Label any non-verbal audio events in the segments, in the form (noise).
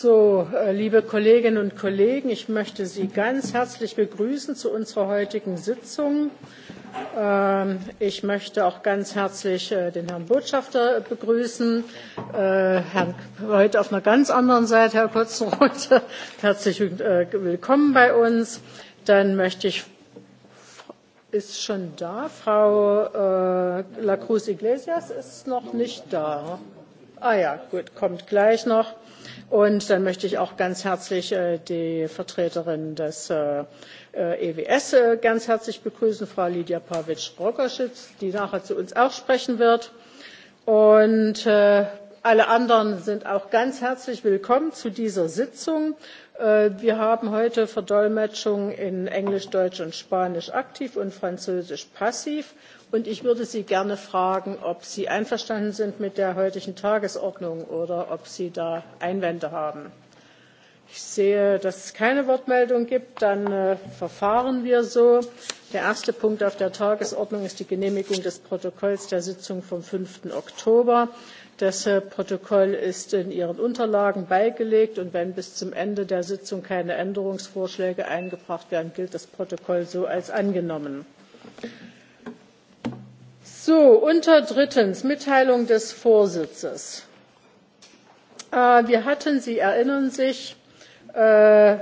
So, äh, liebe Kolleginnen und Kollegen, ich möchte Sie ganz herzlich begrüßen zu unserer heutigen Sitzung. Ähm, ich möchte auch ganz herzlich äh, den Herrn Botschafter begrüßen, äh, Herrn heute auf einer ganz anderen Seite, Herr Kotzenroth, (laughs) herzlich willkommen bei uns. Dann möchte ich ist schon da, Frau La Cruz Iglesias ist noch nicht da. Ah ja, gut, kommt gleich noch. Und dann möchte ich auch ganz herzlich äh, die Vertreterin des äh, äh EWS äh, ganz herzlich begrüßen, Frau Lydia Pavic-Rogoschitz, die nachher zu uns auch sprechen wird. Und äh, alle anderen sind auch ganz herzlich willkommen zu dieser Sitzung. Äh, wir haben heute Verdolmetschung in Englisch, Deutsch und Spanisch aktiv und Französisch passiv. Und ich würde Sie gerne fragen, ob Sie einverstanden sind mit der heutigen Tagesordnung oder ob Sie da Einwände haben. Ich sehe, dass es keine Wortmeldung gibt. Dann äh, verfahren wir so. Der erste Punkt auf der Tagesordnung ist die Genehmigung des Protokolls der Sitzung vom 5. Oktober. Das äh, Protokoll ist in Ihren Unterlagen beigelegt und wenn bis zum Ende der Sitzung keine Änderungsvorschläge eingebracht werden, gilt das Protokoll so als angenommen. So, unter drittens Mitteilung des Vorsitzes. Äh, wir hatten, Sie erinnern sich, äh,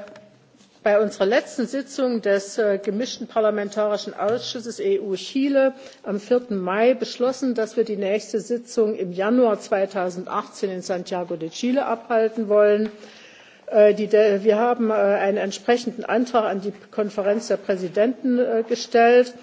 bei unserer letzten Sitzung des äh, gemischten parlamentarischen Ausschusses EU-Chile am 4. Mai beschlossen, dass wir die nächste Sitzung im Januar 2018 in Santiago de Chile abhalten wollen. Äh, die, wir haben äh, einen entsprechenden Antrag an die Konferenz der Präsidenten äh, gestellt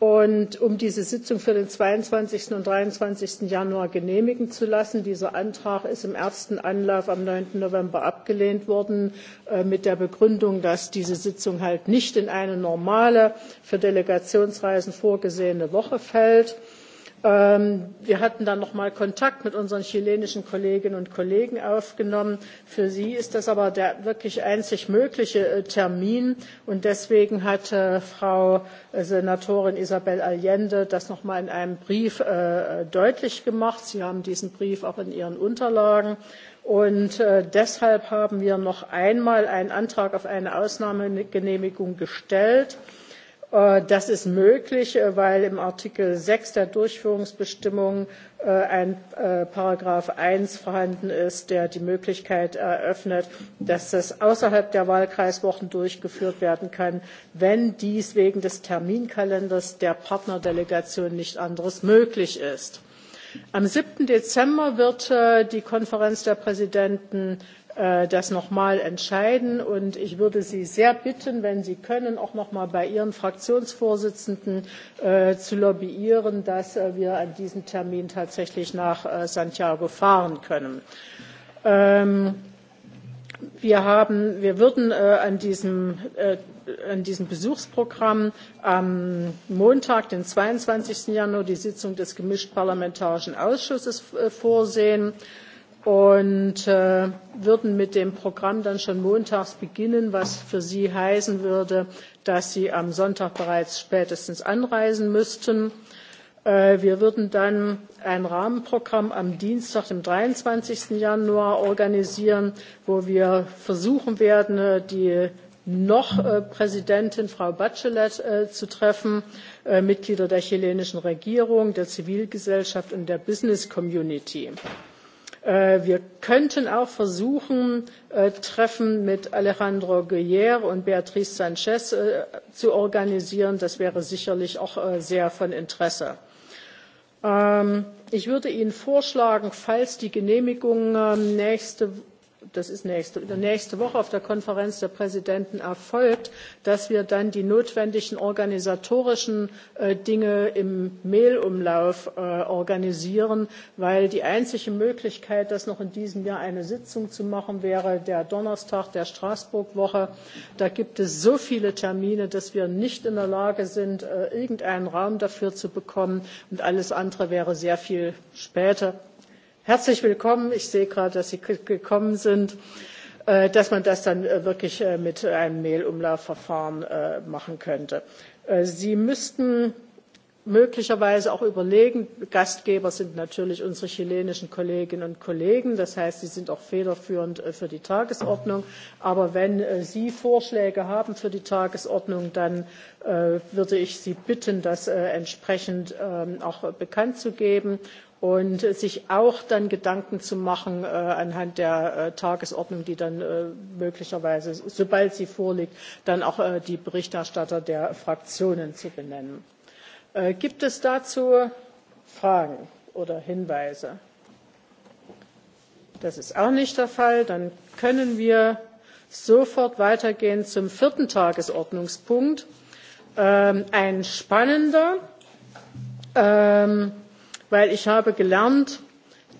und um diese Sitzung für den 22. und 23. Januar genehmigen zu lassen. Dieser Antrag ist im ersten Anlauf am 9. November abgelehnt worden äh, mit der Begründung, dass diese Sitzung halt nicht in eine normale für Delegationsreisen vorgesehene Woche fällt. Äh, Ähm, wir hatten dann noch mal Kontakt mit unseren chilenischen Kolleginnen und Kollegen aufgenommen. Für sie ist das aber der wirklich einzig mögliche äh, Termin. Und deswegen hat äh, Frau äh, Senatorin Isabel Allende das noch mal in einem Brief äh, deutlich gemacht. Sie haben diesen Brief auch in Ihren Unterlagen. Und äh, deshalb haben wir noch einmal einen Antrag auf eine Ausnahmegenehmigung gestellt. Äh, Äh, das ist möglich, äh, weil im Artikel 6 der Durchführungsbestimmung äh, ein Paragraph 1 vorhanden ist, der die Möglichkeit eröffnet, dass das außerhalb der Wahlkreiswochen durchgeführt werden kann, wenn dies wegen des Terminkalenders der Partnerdelegation nicht anderes möglich ist. Am 7. Dezember wird die Konferenz der Präsidenten äh, das nochmal entscheiden. Und ich würde Sie sehr bitten, wenn Sie können, auch nochmal bei Ihren Fraktionsvorsitzenden äh, zu lobbyieren, dass äh, wir an diesem Termin tatsächlich nach äh, Santiago fahren können. Ähm, wir, haben, wir würden äh, an diesem äh, an diesem Besuchsprogramm am Montag, den 22. Januar, die Sitzung des gemischt parlamentarischen Ausschusses äh, vorsehen. Äh, und äh, würden mit dem Programm dann schon montags beginnen, was für Sie heißen würde, dass Sie am Sonntag bereits spätestens anreisen müssten. Äh, wir würden dann ein Rahmenprogramm am Dienstag, dem 23. Januar, organisieren, wo wir versuchen werden, äh, die noch äh, Präsidentin Frau Bachelet äh, zu treffen, äh, Mitglieder der chilenischen Regierung, der Zivilgesellschaft und der Business Community. Äh, Äh, wir könnten auch versuchen, äh, Treffen mit Alejandro Guerre und Beatriz Sanchez äh, zu organisieren. Das wäre sicherlich auch sehr von Interesse. Ähm, ich würde Ihnen vorschlagen, falls die Genehmigung ähm, nächste das ist nächste, nächste Woche auf der Konferenz der Präsidenten erfolgt, dass wir dann die notwendigen organisatorischen äh, Dinge im Mailumlauf äh, organisieren, weil die einzige Möglichkeit, dass noch in diesem Jahr eine Sitzung zu machen wäre, der Donnerstag der Straßburg-Woche. Da gibt es so viele Termine, dass wir nicht in der Lage sind, äh, irgendeinen Raum dafür zu bekommen und alles andere wäre sehr viel später herzlich willkommen. Ich sehe gerade, dass Sie gekommen sind, äh, dass man das dann äh, wirklich äh, mit einem Mailumlaufverfahren äh, machen könnte. Äh, Sie müssten möglicherweise auch überlegen. Gastgeber sind natürlich unsere chilenischen Kolleginnen und Kollegen. Das heißt, sie sind auch federführend äh, für die Tagesordnung. Aber wenn äh, Sie Vorschläge haben für die Tagesordnung, dann äh, würde ich Sie bitten, das entsprechend ähm, auch bekannt zu geben und äh, sich auch dann Gedanken zu machen äh, anhand der äh, Tagesordnung, die dann äh, möglicherweise, sobald sie vorliegt, dann auch äh, die Berichterstatter der Fraktionen zu benennen. Äh, gibt es dazu Fragen oder Hinweise? Das ist auch nicht der Fall. Dann können wir sofort weitergehen zum vierten Tagesordnungspunkt. Ähm, ein spannender. Ähm, weil ich habe gelernt,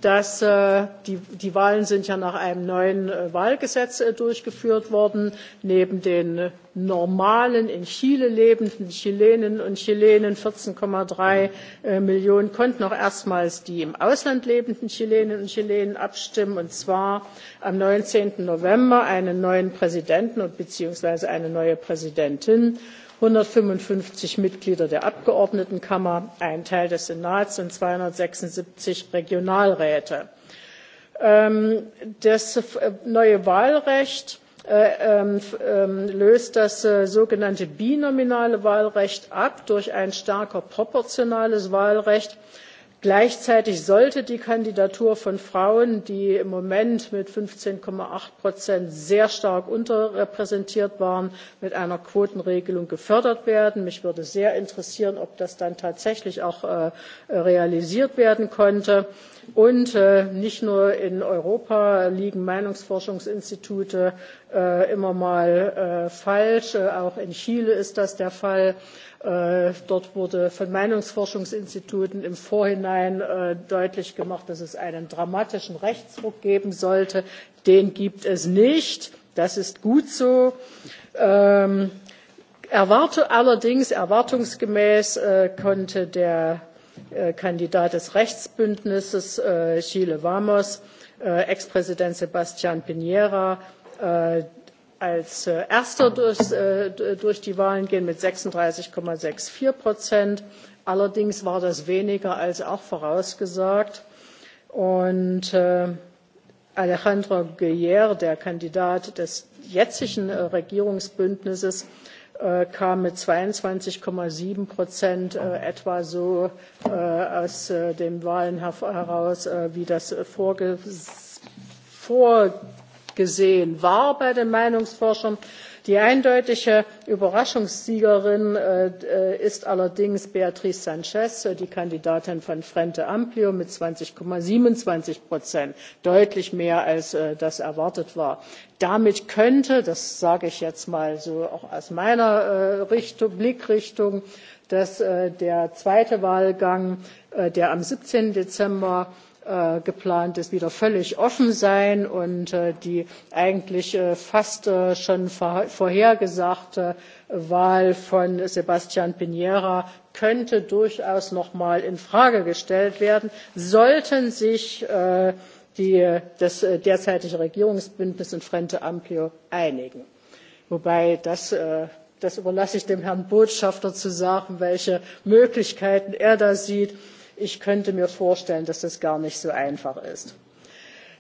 dass äh, die, die Wahlen sind ja nach einem neuen äh, Wahlgesetz äh, durchgeführt worden. Neben den äh, normalen in Chile lebenden Chilenen und Chilenen 14,3 äh, Millionen konnten auch erstmals die im Ausland lebenden Chilenen und Chilenen abstimmen und zwar am 19. November einen neuen Präsidenten und beziehungsweise eine neue Präsidentin. Äh, einhundertfünfundfünfzig mitglieder der abgeordnetenkammer ein teil des senats und zweihundertsechsundsiebzig regionalräte. Ähm, das äh, neue wahlrecht äh, ähm, ähm, löst das äh, sogenannte binominale wahlrecht ab durch ein stärker proportionales wahlrecht Gleichzeitig sollte die Kandidatur von Frauen, die im Moment mit 15,8 Prozent sehr stark unterrepräsentiert waren, mit einer Quotenregelung gefördert werden. Mich würde sehr interessieren, ob das dann tatsächlich auch äh, realisiert werden konnte. Und äh, nicht nur in Europa liegen Meinungsforschungsinstitute äh, immer mal äh, falsch. Äh, auch in Chile ist das der Fall. Äh, dort wurde von Meinungsforschungsinstituten im Vorhinein äh, deutlich gemacht, dass es einen dramatischen Rechtsruck geben sollte. Den gibt es nicht. Das ist gut so. Ähm, erwarte, allerdings erwartungsgemäß äh, konnte der äh, Kandidat des Rechtsbündnisses äh, Chile Vamos, äh, Ex-Präsident Sebastian Piñera, äh, als äh, Erster durchs, äh, durch die Wahlen gehen mit 36,64 Prozent. Allerdings war das weniger als auch vorausgesagt. Und äh, Alejandro Guerre, der Kandidat des jetzigen äh, Regierungsbündnisses, äh, kam mit 22,7 Prozent äh, etwa so äh, aus äh, den Wahlen her heraus, äh, wie das äh, vorgesehen gesehen war bei den Meinungsforschern. Die eindeutige Überraschungssiegerin äh, äh ist allerdings Beatriz Sanchez, äh, die Kandidatin von Frente Amplio mit 20,27 Prozent, deutlich mehr als äh, das erwartet war. Damit könnte, das sage ich jetzt mal so auch aus meiner äh, Richtung, Blickrichtung, dass äh, der zweite Wahlgang, äh, der am 17. Dezember äh, geplant ist, wieder völlig offen sein und äh, die eigentlich äh, fast äh, schon ver vorhergesagte Wahl von Sebastian Piñera könnte durchaus noch mal in Frage gestellt werden, sollten sich äh, die, das äh, derzeitige Regierungsbündnis und Frente Amplio einigen. Wobei das äh, das überlasse ich dem Herrn Botschafter zu sagen, welche Möglichkeiten er da sieht ich könnte mir vorstellen, dass das gar nicht so einfach ist.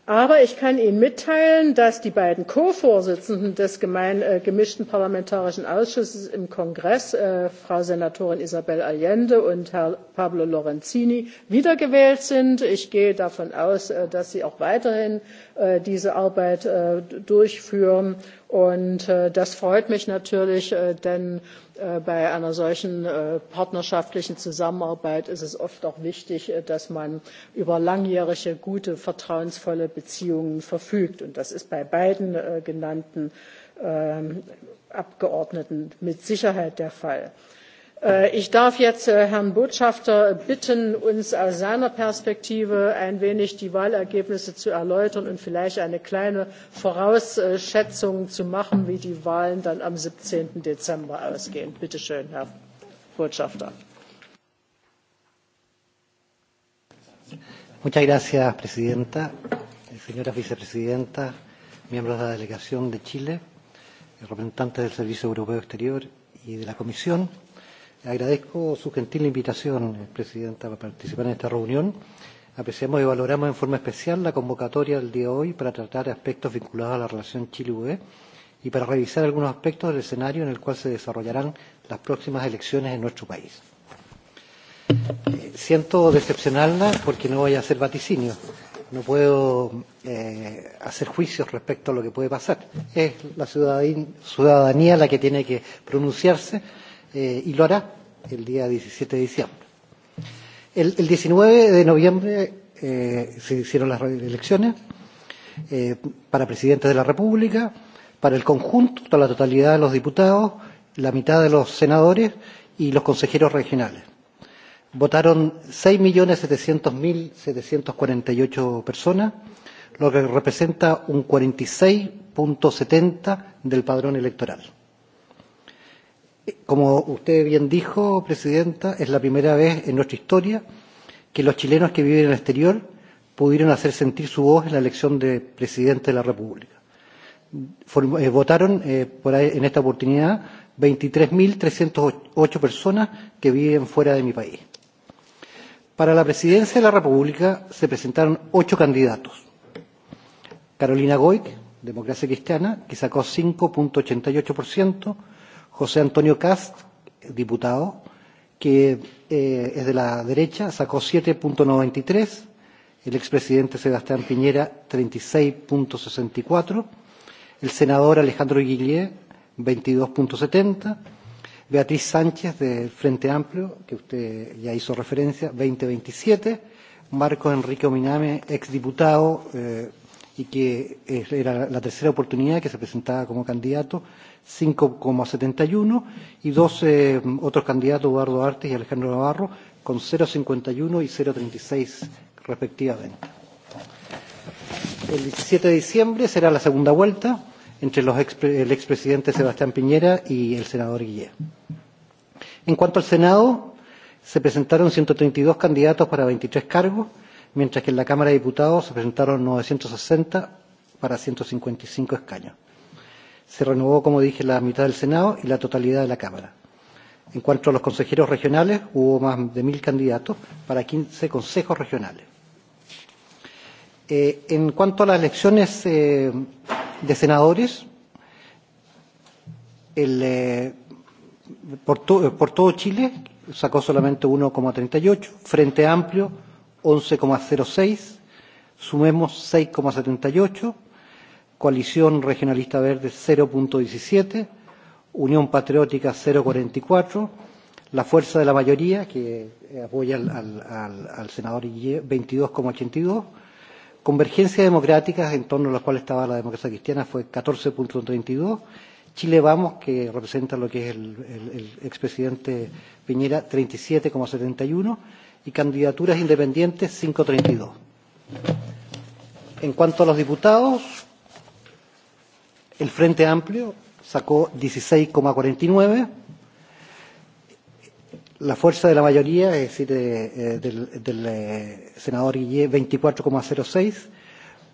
Aber ich kann Ihnen mitteilen, dass die beiden Co-Vorsitzenden des gemein, äh, gemischten parlamentarischen Ausschusses im Kongress, äh, Frau Senatorin Isabel Allende und Herr Pablo Lorenzini, wiedergewählt sind. Ich gehe davon aus, äh, dass sie auch weiterhin äh, diese Arbeit äh, durchführen Und äh, das freut mich natürlich, äh, denn äh, bei einer solchen äh, partnerschaftlichen Zusammenarbeit ist es oft auch wichtig, äh, dass man über langjährige, gute, vertrauensvolle Beziehungen verfügt. Und das ist bei beiden äh, genannten äh, Abgeordneten mit Sicherheit der Fall. Äh, Äh, ich darf jetzt äh, Herrn Botschafter bitten, uns aus seiner Perspektive ein wenig die Wahlergebnisse zu erläutern und vielleicht eine kleine Vorausschätzung zu machen, wie die Wahlen dann am 17. Dezember ausgehen. Bitte schön, Herr Botschafter. Muchas gracias, Presidenta, señora Vicepresidenta, miembros de la Delegación de Chile, representantes del Servicio Europeo Exterior y de la Comisión. Agradezco su gentil invitación, eh, Presidenta, para participar en esta reunión. Apreciamos y valoramos en forma especial la convocatoria del día de hoy para tratar aspectos vinculados a la relación Chile-UE y para revisar algunos aspectos del escenario en el cual se desarrollarán las próximas elecciones en nuestro país. Eh, siento decepcionarla porque no voy a hacer vaticinios, no puedo eh, hacer juicios respecto a lo que puede pasar. Es la ciudadanía la que tiene que pronunciarse eh, y lo hará el día 17 de diciembre. El, el 19 de noviembre eh, se hicieron las elecciones eh, para presidentes de la República, para el conjunto, para la totalidad de los diputados, la mitad de los senadores y los consejeros regionales. Votaron 6.700.748 personas, lo que representa un 46.70 del padrón electoral. Como usted bien dijo, Presidenta, es la primera vez en nuestra historia que los chilenos que viven en el exterior pudieron hacer sentir su voz en la elección de presidente de la República. Form eh, votaron eh, por ahí, en esta oportunidad 23.308 personas que viven fuera de mi país. Para la presidencia de la República se presentaron ocho candidatos. Carolina Goic, Democracia Cristiana, que sacó 5.88%, José Antonio Cast, diputado, que eh, es de la derecha, sacó 7.93, el expresidente Sebastián Piñera 36.64, el senador Alejandro Guillier 22.70, Beatriz Sánchez del Frente Amplio, que usted ya hizo referencia, 20.27, Marco Enrique Ominame, exdiputado, eh, y que eh, era la tercera oportunidad que se presentaba como candidato, 5,71, y dos eh, mm, otros candidatos, Eduardo Artes y Alejandro Navarro, con 0,51 y 0,36 respectivamente. El 17 de diciembre será la segunda vuelta entre los expre el expresidente Sebastián Piñera y el senador Guillé. En cuanto al Senado, se presentaron 132 candidatos para 23 cargos, mientras que en la Cámara de Diputados se presentaron 960 para 155 escaños. Se renovó, como dije, la mitad del Senado y la totalidad de la Cámara. En cuanto a los consejeros regionales, hubo más de mil candidatos para 15 consejos regionales. Eh, en cuanto a las elecciones eh, de senadores, el, eh, por, to por todo Chile sacó solamente 1,38, Frente Amplio 11,06, sumemos 6,78, Coalición Regionalista Verde 0.17, Unión Patriótica 0.44, la fuerza de la mayoría, que apoya al, al, al, al senador Guille, 22,82, Convergencia Democrática, en torno a la cual estaba la democracia cristiana, fue 14.32, Chile Vamos, que representa lo que es el, el, el expresidente Piñera, 37,71, y candidaturas independientes 532. En cuanto a los diputados, el Frente Amplio sacó 16,49. La fuerza de la mayoría, es decir, eh, del, del eh, senador Guillé, 24,06.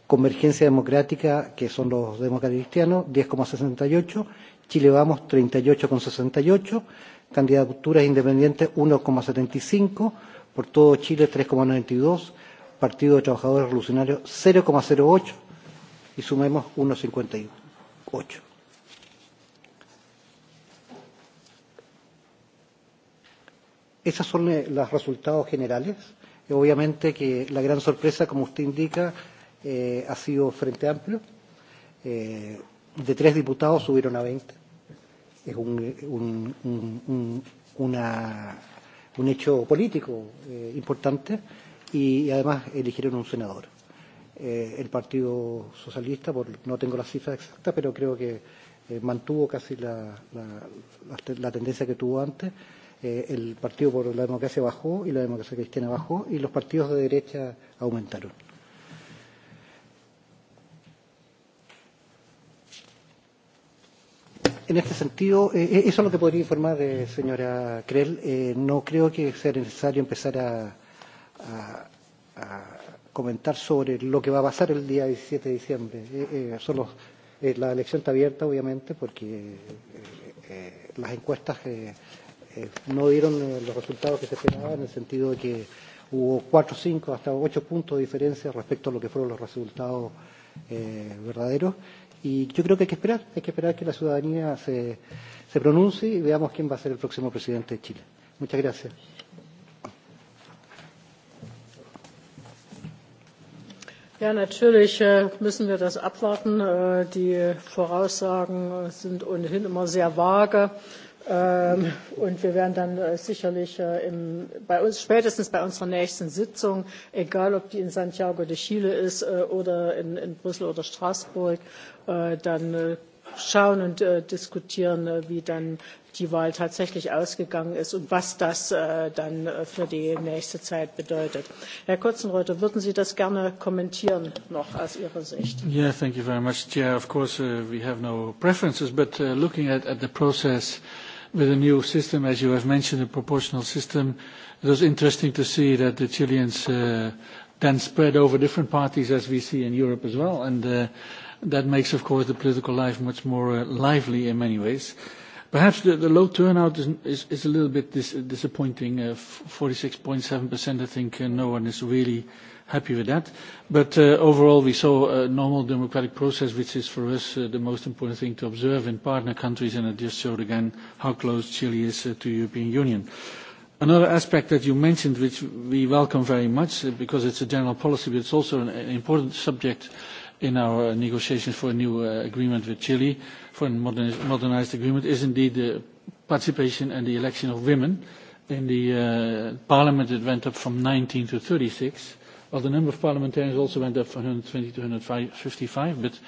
Convergencia Democrática, que son los demócratas cristianos, 10,68. Chile Vamos, 38,68. Candidaturas independientes, 1,75 por todo Chile 3,92, Partido de Trabajadores Revolucionarios 0,08 y sumemos 1,58. Esos son eh, los resultados generales. Y obviamente que la gran sorpresa, como usted indica, eh, ha sido Frente Amplio. Eh, de tres diputados subieron a 20. Es un, un, un, una un hecho político eh, importante y, y además eligieron un senador. Eh, el Partido Socialista, por, no tengo las cifras exactas, pero creo que eh, mantuvo casi la, la, la, la tendencia que tuvo antes. Eh, el Partido por la Democracia bajó y la Democracia Cristiana bajó y los partidos de derecha aumentaron. En este sentido, eh, eh, eso es lo que podría informar, eh, señora Krell. Eh, no creo que sea necesario empezar a, a, a comentar sobre lo que va a pasar el día 17 de diciembre. Eh, eh, son los, eh, la elección está abierta, obviamente, porque eh, eh, las encuestas eh, eh, no dieron eh, los resultados que se esperaban, en el sentido de que hubo cuatro, cinco, hasta ocho puntos de diferencia respecto a lo que fueron los resultados eh, verdaderos. Y yo creo que hay que esperar, hay que esperar que la ciudadanía se, se pronuncie y veamos quién va a ser el próximo presidente de Chile. Muchas gracias. Ja, natürlich äh, müssen wir das abwarten. Äh, die Voraussagen äh, sind ohnehin immer sehr vage. Ähm, und wir werden dann äh, sicherlich äh, im, bei uns, spätestens bei unserer nächsten Sitzung, egal ob die in Santiago de Chile ist äh, oder in, in Brüssel oder Straßburg, äh, dann äh, schauen und äh, diskutieren, äh, wie dann die Wahl tatsächlich ausgegangen ist und was das äh, dann äh, für die nächste Zeit bedeutet. Herr Kotzenreuther, würden Sie das gerne kommentieren noch aus Ihrer Sicht? Yeah, thank you very much, Chair. Of course, uh, we have no preferences, but uh, looking at, at the process, uh, with a new system, as you have mentioned, a proportional system. It was interesting to see that the Chileans uh, then spread over different parties, as we see in Europe as well, and uh, that makes, of course, the political life much more uh, lively in many ways. Perhaps the, the low turnout is, is, is a little bit dis disappointing. 46.7%, uh, I think uh, no one is really happy with that. But uh, overall, we saw a normal democratic process, which is for us uh, the most important thing to observe in partner countries, and it just showed again how close Chile is uh, to the European Union. Another aspect that you mentioned, which we welcome very much, uh, because it's a general policy, but it's also an, an important subject in our negotiations for a new uh, agreement with Chile, for a moderniz modernized agreement, is indeed the participation and the election of women in the uh, parliament. It went up from 19 to 36 Well, the number of parliamentarians also went up from 120 to 155, but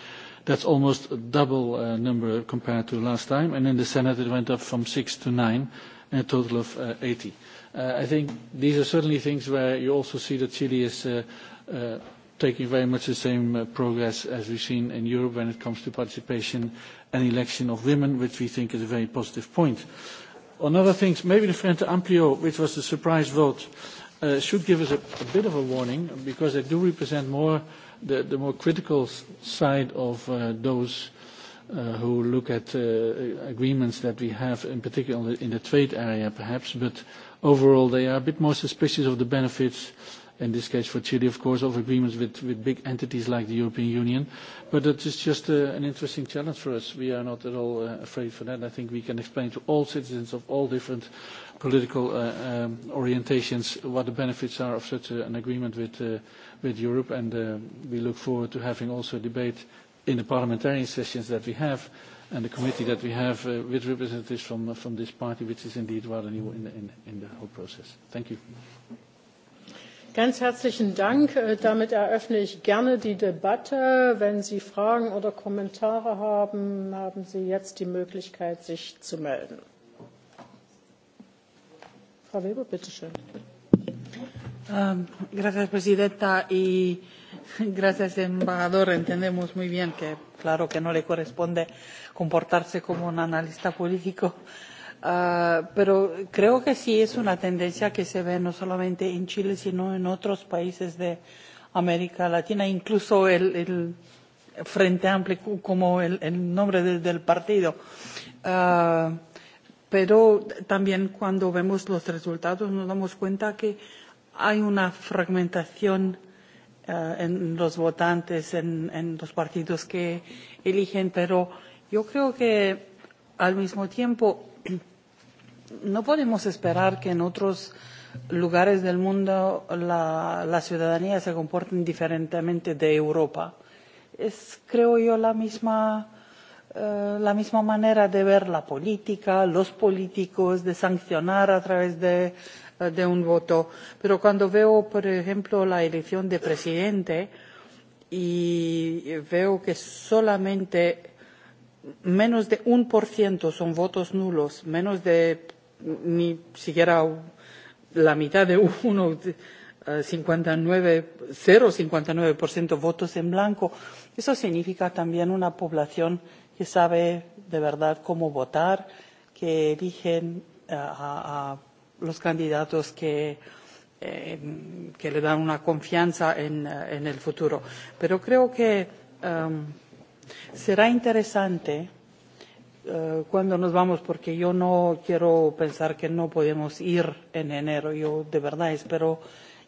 that's almost a double uh, number compared to last time. And in the Senate, it went up from six to nine, and a total of uh, 80. Uh, I think these are certainly things where you also see that Chile is uh, uh, taking very much the same uh, progress as we've seen in Europe when it comes to participation and election of women, which we think is a very positive point. On other things, maybe the Frente Amplio, which was the surprise vote, uh, uh, should give us a, a bit of a warning because they do represent more the, the more critical side of uh, those uh, who look at uh, agreements that we have, in particular in the, in the trade area perhaps, but overall they are a bit more suspicious of the benefits uh, in this case for Chile, of course, of agreements with, with big entities like the European Union. But that is just uh, an interesting challenge for us. We are not at all uh, afraid for that. I think we can explain to all citizens of all different political uh, um, orientations what the benefits are of such a, uh, an agreement with, uh, with Europe. And uh, we look forward to having also a debate in the parliamentarian sessions that we have and the committee that we have uh, with representatives from, from this party, which is indeed rather new in the, in, in the whole process. Thank you. Mm -hmm. Ganz herzlichen Dank. Äh, damit eröffne ich gerne die Debatte. Wenn Sie Fragen oder Kommentare haben, haben Sie jetzt die Möglichkeit, sich zu melden. Frau Weber, bitteschön. Um, gracias, Presidenta. Y gracias, embajador. Entendemos muy bien que, claro, que no le corresponde comportarse como un analista político. Uh, Uh, pero creo que sí es una tendencia que se ve no solamente en Chile, sino en otros países de América Latina, incluso el, el Frente Amplio, como el, el nombre de, del partido. Uh, pero también cuando vemos los resultados nos damos cuenta que hay una fragmentación uh, en los votantes, en, en los partidos que eligen, pero yo creo que al mismo tiempo no podemos esperar que en otros lugares del mundo la, la ciudadanía se comporte diferentemente de Europa. Es, creo yo, la misma, eh, la misma manera de ver la política, los políticos, de sancionar a través de, eh, de un voto. Pero cuando veo, por ejemplo, la elección de presidente y veo que solamente menos de un por ciento son votos nulos, menos de ni siquiera la mitad de uno, 59, eh, 0,59% votos en blanco. Eso significa también una población que sabe de verdad cómo votar, que eligen eh, a, a los candidatos que, eh, que le dan una confianza en, eh, en el futuro. Pero creo que um, será interesante eh, cuándo nos vamos, porque yo no quiero pensar que no podemos ir en enero. Yo de verdad espero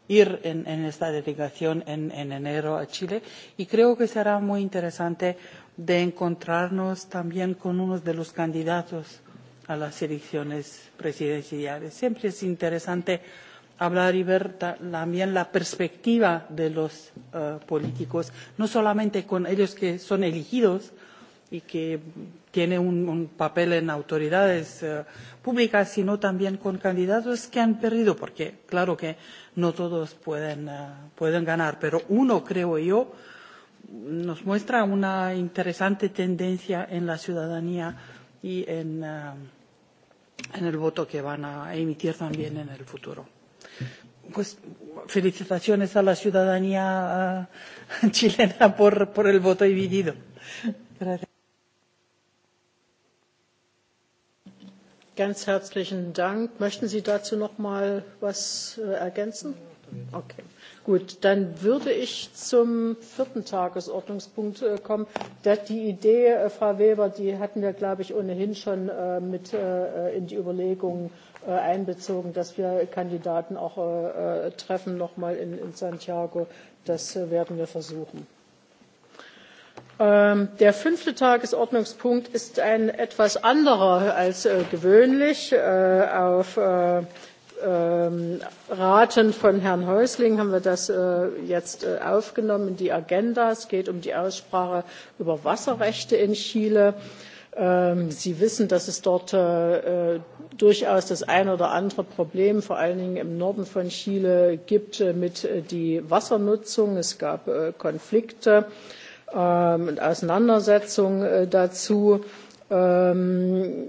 ir en, en esta delegación en, en enero a Chile y creo que será muy interesante de encontrarnos también con uno de los candidatos a las elecciones presidenciales. Siempre es interesante hablar y ver también la perspectiva de los uh, políticos, no solamente con ellos que son elegidos, y que tiene un, un papel en autoridades eh, públicas, sino también con candidatos que han perdido, porque claro que no todos pueden, eh, pueden ganar, pero uno, creo yo, nos muestra una interesante tendencia en la ciudadanía y en, eh, en el voto que van a emitir también en el futuro. Pues felicitaciones a la ciudadanía uh, (laughs) chilena por, por el voto dividido. Gracias. Ganz herzlichen Dank. Möchten Sie dazu noch mal was äh, ergänzen? Okay. Gut, dann würde ich zum vierten Tagesordnungspunkt äh, kommen. Das, die Idee, äh, Frau Weber, die hatten wir, glaube ich, ohnehin schon äh, mit äh, äh in die Überlegungen äh, einbezogen, dass wir Kandidaten auch äh, äh treffen, nochmal in, in Santiago. Das äh, werden wir versuchen. Ähm, der fünfte Tagesordnungspunkt ist ein etwas anderer als äh, gewöhnlich. Äh, auf äh, ähm, Raten von Herrn Häusling haben wir das äh, jetzt äh, aufgenommen in die Agenda. Es geht um die Aussprache über Wasserrechte in Chile. Ähm, Sie wissen, dass es dort äh, durchaus das ein oder andere Problem, vor allen Dingen im Norden von Chile, gibt äh, mit äh, die Wassernutzung. Es gab äh, Konflikte. Äh, ähm, und Auseinandersetzung äh, dazu. Ähm,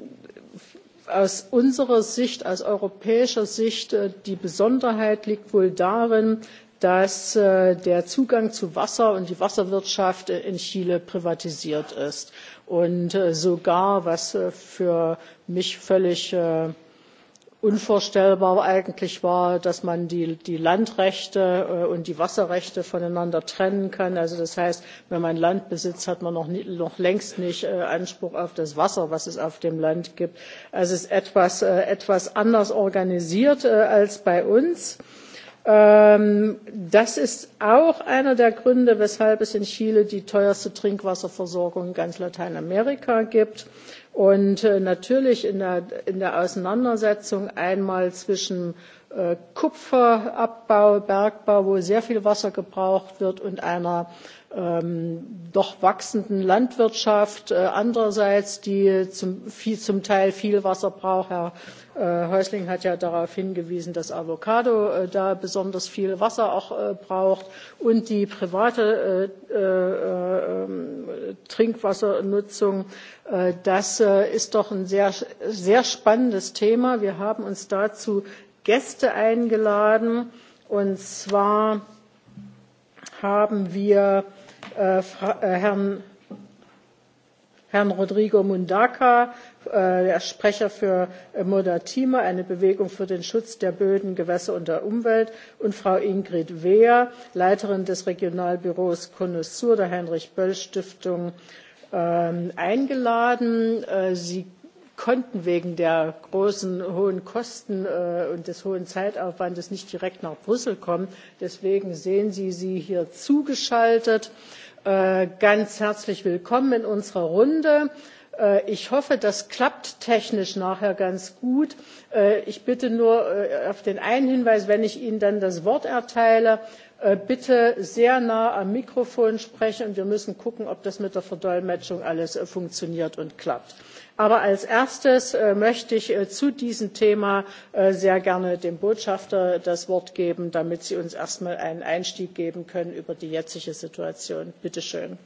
aus unserer Sicht, aus europäischer Sicht, äh, die Besonderheit liegt wohl darin, dass äh, der Zugang zu Wasser und die Wasserwirtschaft äh, in Chile privatisiert ist. Und äh, sogar, was äh, für mich völlig äh, unvorstellbar eigentlich war, dass man die, die Landrechte äh, und die Wasserrechte voneinander trennen kann. Also das heißt, wenn man Land besitzt, hat man noch, nie, noch längst nicht äh, Anspruch auf das Wasser, was es auf dem Land gibt. Also es ist etwas, äh, etwas anders organisiert als bei uns. Ähm, das ist auch einer der Gründe, weshalb es in Chile die teuerste Trinkwasserversorgung in ganz Lateinamerika gibt Und äh, natürlich in der, in der Auseinandersetzung einmal zwischen äh, Kupferabbau, Bergbau, wo sehr viel Wasser gebraucht wird und einer ähm, doch wachsenden Landwirtschaft, äh, andererseits, die zum, viel, zum Teil viel Wasser braucht. Herr äh, Häusling hat ja darauf hingewiesen, dass Avocado äh, da besonders viel Wasser auch äh, braucht und die private äh, äh, äh, Trinkwassernutzung. Äh, das äh, ist doch ein sehr, sehr spannendes Thema. Wir haben uns dazu Gäste eingeladen. Und zwar haben wir äh, Fra äh, Herrn, Herrn Rodrigo Mundaca, äh, der Sprecher für äh, Modatima, eine Bewegung für den Schutz der Böden, Gewässer und der Umwelt, und Frau Ingrid Wehr, Leiterin des Regionalbüros Connoisseur der Heinrich-Böll-Stiftung, äh, eingeladen. Äh, sie konnten wegen der großen hohen Kosten äh, und des hohen Zeitaufwandes nicht direkt nach Brüssel kommen. Deswegen sehen Sie sie hier zugeschaltet. Äh, ganz herzlich willkommen in unserer Runde. Äh, ich hoffe, das klappt technisch nachher ganz gut. Äh, ich bitte nur äh, auf den einen Hinweis, wenn ich Ihnen dann das Wort erteile, äh, bitte sehr nah am Mikrofon sprechen und wir müssen gucken, ob das mit der Verdolmetschung alles äh, funktioniert und klappt. Aber als erstes äh, möchte ich äh, zu diesem Thema äh, sehr gerne dem Botschafter das Wort geben, damit Sie uns erstmal einen Einstieg geben können über die jetzige Situation. Bitte schön.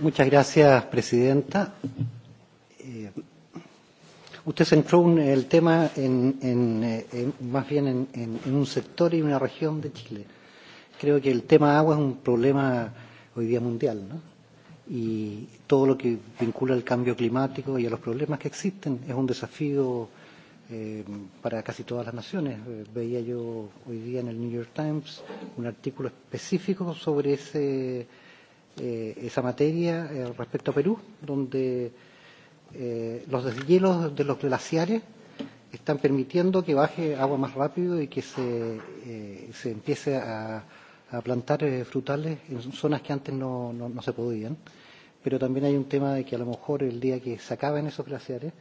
Muchas gracias, Presidenta. Eh, usted centró un, el tema en, en, eh, en, más bien en, en, en un sector y una región de Chile. Creo que el tema agua es un problema hoy día mundial, ¿no? Y todo lo que vincula al cambio climático y a los problemas que existen es un desafío eh, para casi todas las naciones. Eh, veía yo hoy día en el New York Times un artículo específico sobre ese, eh, esa materia eh, respecto a Perú, donde eh, los deshielos de los glaciares están permitiendo que baje agua más rápido y que se, eh, se empiece a, a plantar eh, frutales en zonas que antes no, no, no se podían. Pero también hay un tema de que a lo mejor el día que se acaben esos glaciares,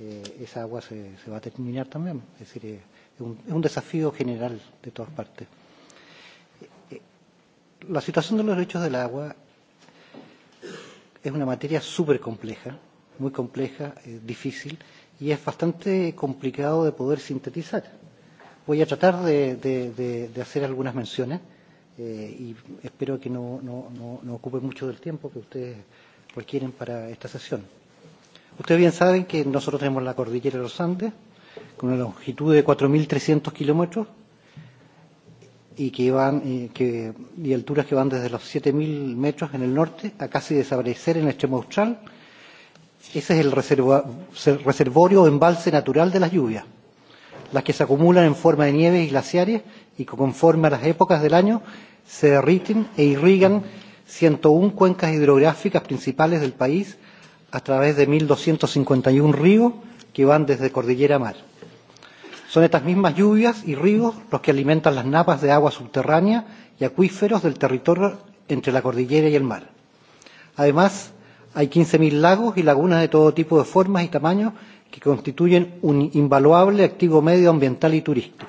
eh, esa agua se, se va a terminar también. Es decir, eh, es, un, es un desafío general de todas partes. Eh, la situación de los derechos del agua es una materia súper compleja, muy compleja, eh, difícil, y es bastante complicado de poder sintetizar. Voy a tratar de, de, de, de hacer algunas menciones. Eh, eh, y espero que no, no, no, no ocupe mucho del tiempo que ustedes requieren para esta sesión. Ustedes bien saben que nosotros tenemos la cordillera de los Andes, con una longitud de 4.300 kilómetros y que van eh, que, y alturas que van desde los 7.000 metros en el norte a casi desaparecer en el extremo austral. Ese es el, reserva, el reservorio o embalse natural de las lluvias, las que se acumulan en forma de nieves y glaciares y que conforme a las épocas del año se derriten e irrigan 101 cuencas hidrográficas principales del país a través de 1.251 ríos que van desde cordillera a mar. Son estas mismas lluvias y ríos los que alimentan las napas de agua subterránea y acuíferos del territorio entre la cordillera y el mar. Además, hay 15.000 lagos y lagunas de todo tipo de formas y tamaños que constituyen un invaluable activo medioambiental y turístico.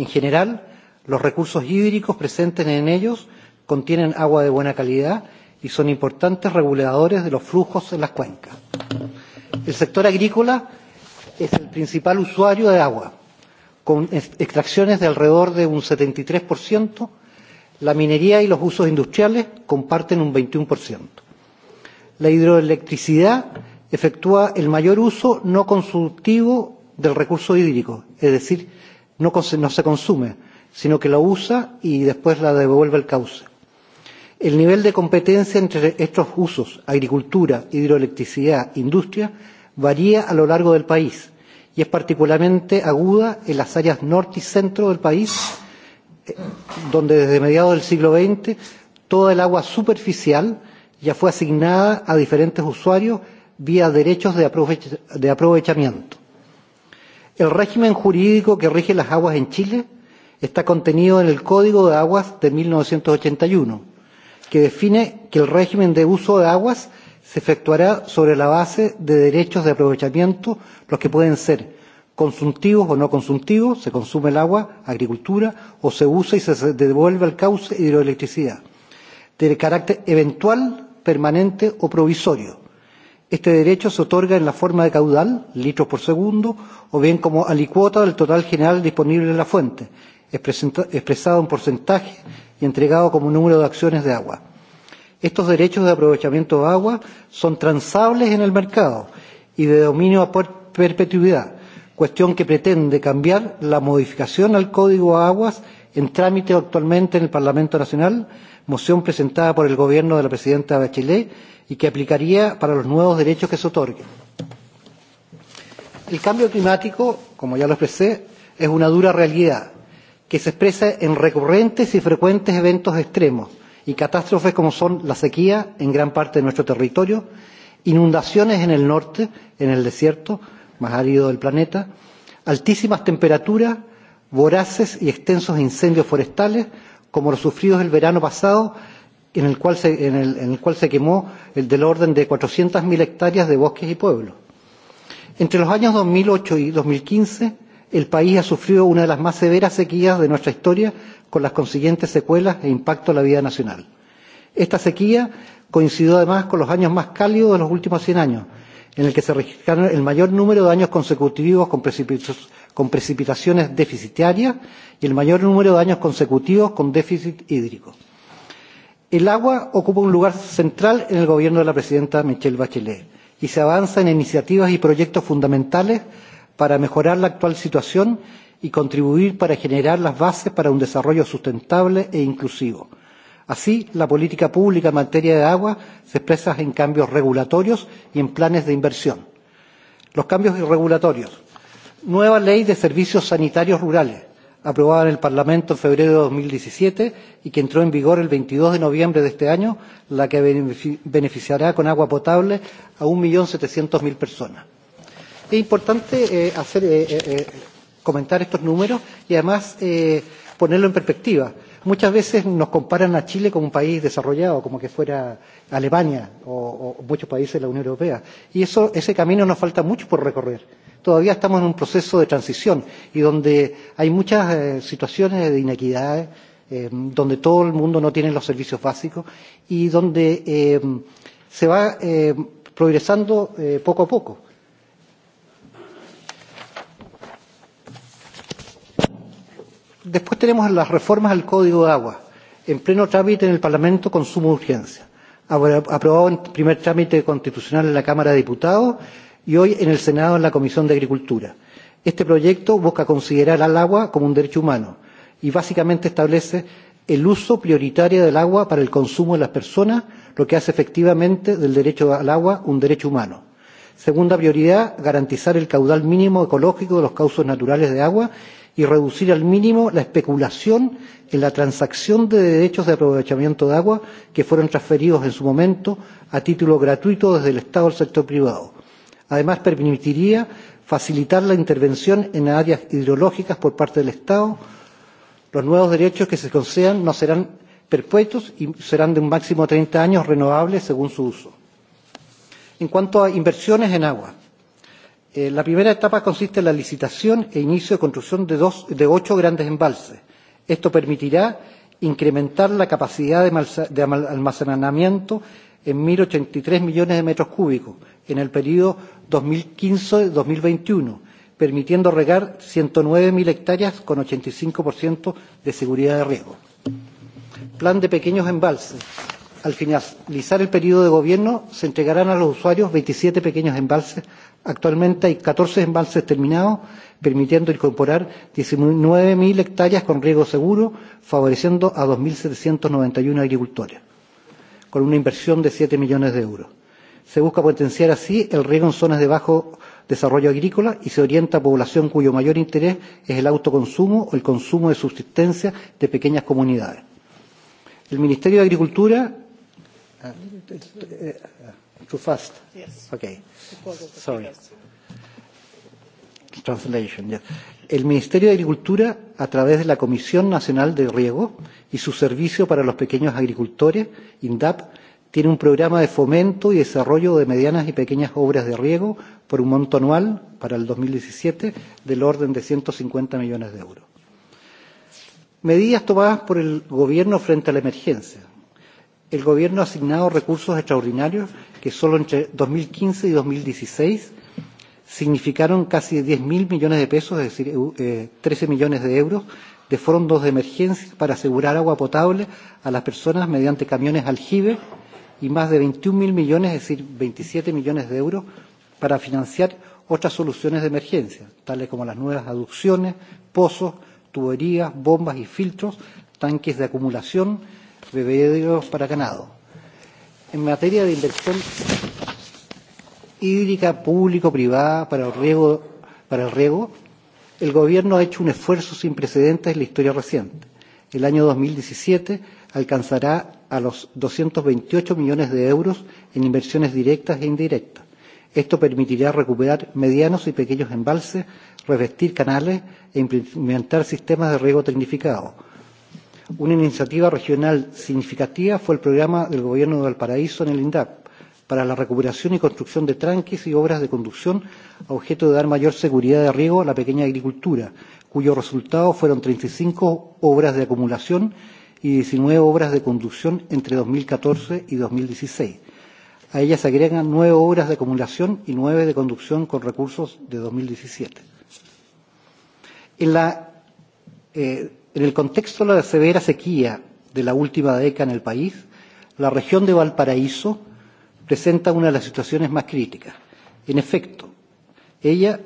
En general, los recursos hídricos presentes en ellos contienen agua de buena calidad y son importantes reguladores de los flujos en las cuencas. El sector agrícola es el principal usuario de agua, con extracciones de alrededor de un 73%, la minería y los usos industriales comparten un 21%. La hidroelectricidad efectúa el mayor uso no consultivo del recurso hídrico, es decir, no, no se consume, sino que la usa y después la devuelve al cauce. El nivel de competencia entre estos usos, agricultura, hidroelectricidad, industria, varía a lo largo del país y es particularmente aguda en las áreas norte y centro del país, eh, donde desde mediados del siglo XX toda el agua superficial ya fue asignada a diferentes usuarios vía derechos de, aprovech de aprovechamiento. El régimen jurídico que rige las aguas en Chile está contenido en el Código de Aguas de 1981, que define que el régimen de uso de aguas se efectuará sobre la base de derechos de aprovechamiento, los que pueden ser consultivos o no consultivos, se consume el agua, agricultura, o se usa y se devuelve al cauce hidroelectricidad, de carácter eventual, permanente o provisorio. Este derecho se otorga en la forma de caudal, litros por segundo, o bien como alicuota del total general disponible en la fuente, expresado en porcentaje y entregado como número de acciones de agua. Estos derechos de aprovechamiento de agua son transables en el mercado y de dominio a perpetuidad, cuestión que pretende cambiar la modificación al Código de Aguas en trámite actualmente en el Parlamento Nacional, moción presentada por el gobierno de la presidenta Bachelet y que aplicaría para los nuevos derechos que se otorguen. El cambio climático, como ya lo expresé, es una dura realidad que se expresa en recurrentes y frecuentes eventos extremos y catástrofes como son la sequía en gran parte de nuestro territorio, inundaciones en el norte, en el desierto más árido del planeta, altísimas temperaturas voraces y extensos incendios forestales como los sufridos el verano pasado en el cual se, en el, en el cual se quemó el del orden de 400.000 hectáreas de bosques y pueblos. Entre los años 2008 y 2015, el país ha sufrido una de las más severas sequías de nuestra historia, con las consiguientes secuelas e impacto en la vida nacional. Esta sequía coincidió además con los años más cálidos de los últimos 100 años, en el que se registraron el mayor número de años consecutivos con, precipit con precipitaciones deficitarias y el mayor número de años consecutivos con déficit hídrico. El agua ocupa un lugar central en el gobierno de la presidenta Michelle Bachelet y se avanza en iniciativas y proyectos fundamentales para mejorar la actual situación y contribuir para generar las bases para un desarrollo sustentable e inclusivo Así, la política pública en materia de agua se expresa en cambios regulatorios y en planes de inversión. Los cambios regulatorios. Nueva ley de servicios sanitarios rurales, aprobada en el Parlamento en febrero de 2017 y que entró en vigor el 22 de noviembre de este año, la que beneficiará con agua potable a 1.700.000 personas. Es importante eh, hacer, eh, eh, eh, comentar estos números y además eh, ponerlo en perspectiva. Muchas veces nos comparan a Chile como un país desarrollado, como que fuera Alemania o, o muchos países de la Unión Europea. Y eso, ese camino nos falta mucho por recorrer. Todavía estamos en un proceso de transición y donde hay muchas eh, situaciones de inequidades, eh, donde todo el mundo no tiene los servicios básicos y donde eh, se va eh, progresando eh, poco a poco Después tenemos las reformas al Código de Agua, en pleno trámite en el Parlamento con suma urgencia, aprobado en primer trámite constitucional en la Cámara de Diputados y hoy en el Senado en la Comisión de Agricultura. Este proyecto busca considerar al agua como un derecho humano y básicamente establece el uso prioritario del agua para el consumo de las personas, lo que hace efectivamente del derecho al agua un derecho humano. Segunda prioridad, garantizar el caudal mínimo ecológico de los causos naturales de agua y reducir al mínimo la especulación en la transacción de derechos de aprovechamiento de agua que fueron transferidos en su momento a título gratuito desde el Estado al sector privado. Además, permitiría facilitar la intervención en áreas hidrológicas por parte del Estado. Los nuevos derechos que se concedan no serán perpetuos y serán de un máximo de 30 años renovables según su uso. En cuanto a inversiones en agua, Eh, la primera etapa consiste en la licitación e inicio de construcción de, dos, de ocho grandes embalses. Esto permitirá incrementar la capacidad de, malza, de almacenamiento en 1.083 millones de metros cúbicos en el periodo 2015-2021, permitiendo regar 109.000 hectáreas con 85% de seguridad de riego. Plan de pequeños embalses. Al finalizar el periodo de gobierno, se entregarán a los usuarios 27 pequeños embalses Actualmente hay 14 embalses terminados, permitiendo incorporar 19.000 hectáreas con riego seguro, favoreciendo a 2.791 agricultores, con una inversión de 7 millones de euros. Se busca potenciar así el riego en zonas de bajo desarrollo agrícola y se orienta a población cuyo mayor interés es el autoconsumo o el consumo de subsistencia de pequeñas comunidades. El Ministerio de Agricultura. Uh, too fast. Yes. Okay. Sorry. Translation, yeah. El Ministerio de Agricultura, a través de la Comisión Nacional de Riego y su Servicio para los Pequeños Agricultores, INDAP, tiene un programa de fomento y desarrollo de medianas y pequeñas obras de riego por un monto anual para el 2017 del orden de 150 millones de euros. Medidas tomadas por el Gobierno frente a la emergencia el Gobierno ha asignado recursos extraordinarios que solo entre 2015 y 2016 significaron casi 10.000 millones de pesos, es decir, eh, 13 millones de euros, de fondos de emergencia para asegurar agua potable a las personas mediante camiones aljibe y más de 21.000 millones, es decir, 27 millones de euros, para financiar otras soluciones de emergencia, tales como las nuevas aducciones, pozos, tuberías, bombas y filtros, tanques de acumulación, bebederos para ganado. En materia de inversión hídrica público-privada para el riego, para el riego, el Gobierno ha hecho un esfuerzo sin precedentes en la historia reciente. El año 2017 alcanzará a los 228 millones de euros en inversiones directas e indirectas. Esto permitirá recuperar medianos y pequeños embalses, revestir canales e implementar sistemas de riego tecnificados Una iniciativa regional significativa fue el programa del Gobierno de Valparaíso en el INDAP para la recuperación y construcción de tranques y obras de conducción a objeto de dar mayor seguridad de riego a la pequeña agricultura, cuyos resultados fueron 35 obras de acumulación y 19 obras de conducción entre 2014 y 2016. A ellas se agregan nueve obras de acumulación y nueve de conducción con recursos de 2017. En la eh, En el contexto de la severa sequía de la última década en el país, la región de Valparaíso presenta una de las situaciones más críticas. En efecto, ella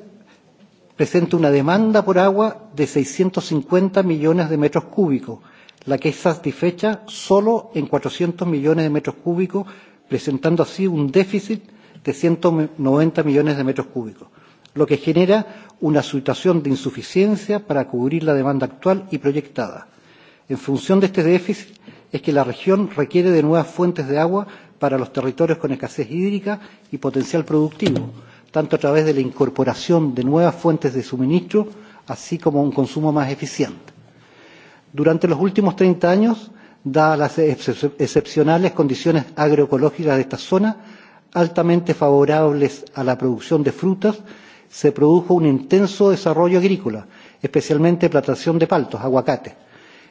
presenta una demanda por agua de 650 millones de metros cúbicos, la que es satisfecha solo en 400 millones de metros cúbicos, presentando así un déficit de 190 millones de metros cúbicos lo que genera una situación de insuficiencia para cubrir la demanda actual y proyectada. En función de este déficit es que la región requiere de nuevas fuentes de agua para los territorios con escasez hídrica y potencial productivo, tanto a través de la incorporación de nuevas fuentes de suministro, así como un consumo más eficiente. Durante los últimos 30 años, dadas las excepcionales condiciones agroecológicas de esta zona, altamente favorables a la producción de frutas, se produjo un intenso desarrollo agrícola, especialmente plantación de paltos, aguacates.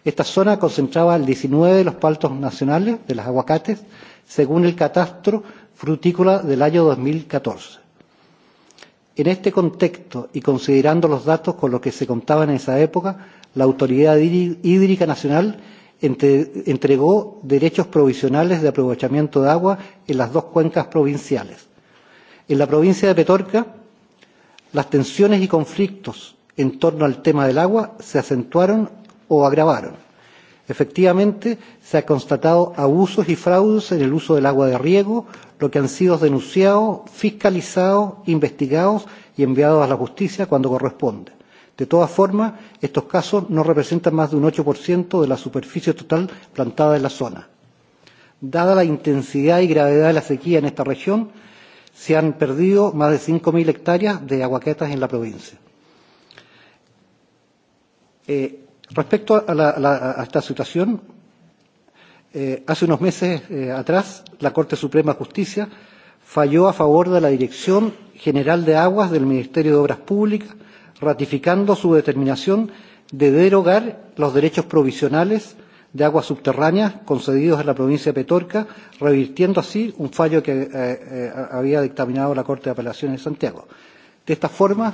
Esta zona concentraba el 19 de los paltos nacionales de los aguacates, según el catastro frutícola del año 2014. En este contexto y considerando los datos con los que se contaban en esa época, la Autoridad Hídrica Nacional entre, entregó derechos provisionales de aprovechamiento de agua en las dos cuencas provinciales. En la provincia de Petorca, las tensiones y conflictos en torno al tema del agua se acentuaron o agravaron. Efectivamente, se han constatado abusos y fraudes en el uso del agua de riego, lo que han sido denunciados, fiscalizados, investigados y enviados a la justicia cuando corresponde. De todas formas, estos casos no representan más de un 8% de la superficie total plantada en la zona. Dada la intensidad y gravedad de la sequía en esta región, se han perdido más de 5.000 hectáreas de aguaquetas en la provincia. Eh, respecto a, la, la, a esta situación, eh, hace unos meses eh, atrás la Corte Suprema de Justicia falló a favor de la Dirección General de Aguas del Ministerio de Obras Públicas, ratificando su determinación de derogar los derechos provisionales de aguas subterráneas concedidos a la provincia de Petorca, revirtiendo así un fallo que eh, eh, había dictaminado la Corte de Apelaciones de Santiago. De esta forma,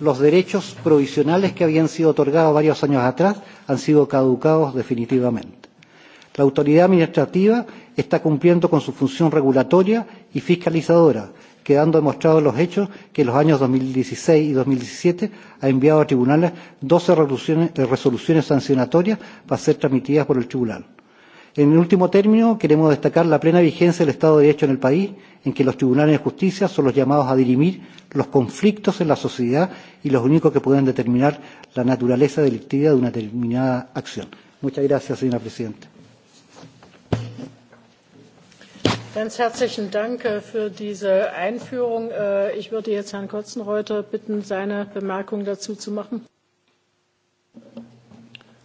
los derechos provisionales que habían sido otorgados varios años atrás han sido caducados definitivamente. La autoridad administrativa está cumpliendo con su función regulatoria y fiscalizadora quedando demostrados los hechos que en los años 2016 y 2017 ha enviado a tribunales 12 resoluciones, eh, resoluciones sancionatorias para ser transmitidas por el tribunal. En último término, queremos destacar la plena vigencia del Estado de Derecho en el país, en que los tribunales de justicia son los llamados a dirimir los conflictos en la sociedad y los únicos que pueden determinar la naturaleza delictiva de una determinada acción. Muchas gracias, señora presidenta. Ganz herzlichen Dank äh, für diese Einführung. Äh, ich würde jetzt Herrn Kotzenreuter bitten, seine Bemerkung dazu zu machen.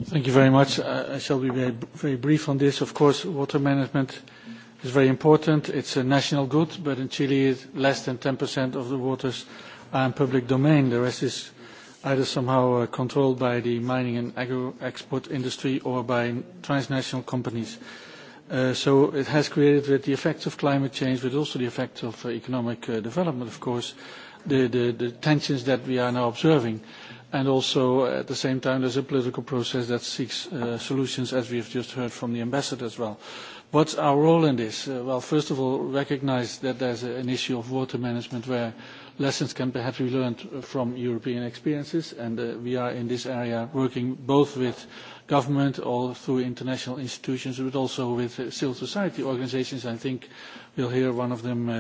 Thank you very much. I shall be very, very brief on this. Of course, water management is very important. It's a national good, but in Chile, less than 10% of the waters are in public domain. The rest is either somehow uh, controlled by the mining and agro-export industry or by transnational companies. Uh, Uh, so it has created with the effects of climate change, but also the effects of uh, economic uh, development, of course, the, the, the tensions that we are now observing. And also, uh, at the same time, there's a political process that seeks uh, solutions, as we have just heard from the ambassador as well. What's our role in this? Uh, well, first of all, recognize that there's a, an issue of water management where lessons can perhaps be learned uh, from European experiences, and uh, we are in this area working both with uh, government or through international institutions, but also with uh, civil society organizations. I think we'll hear one of them uh,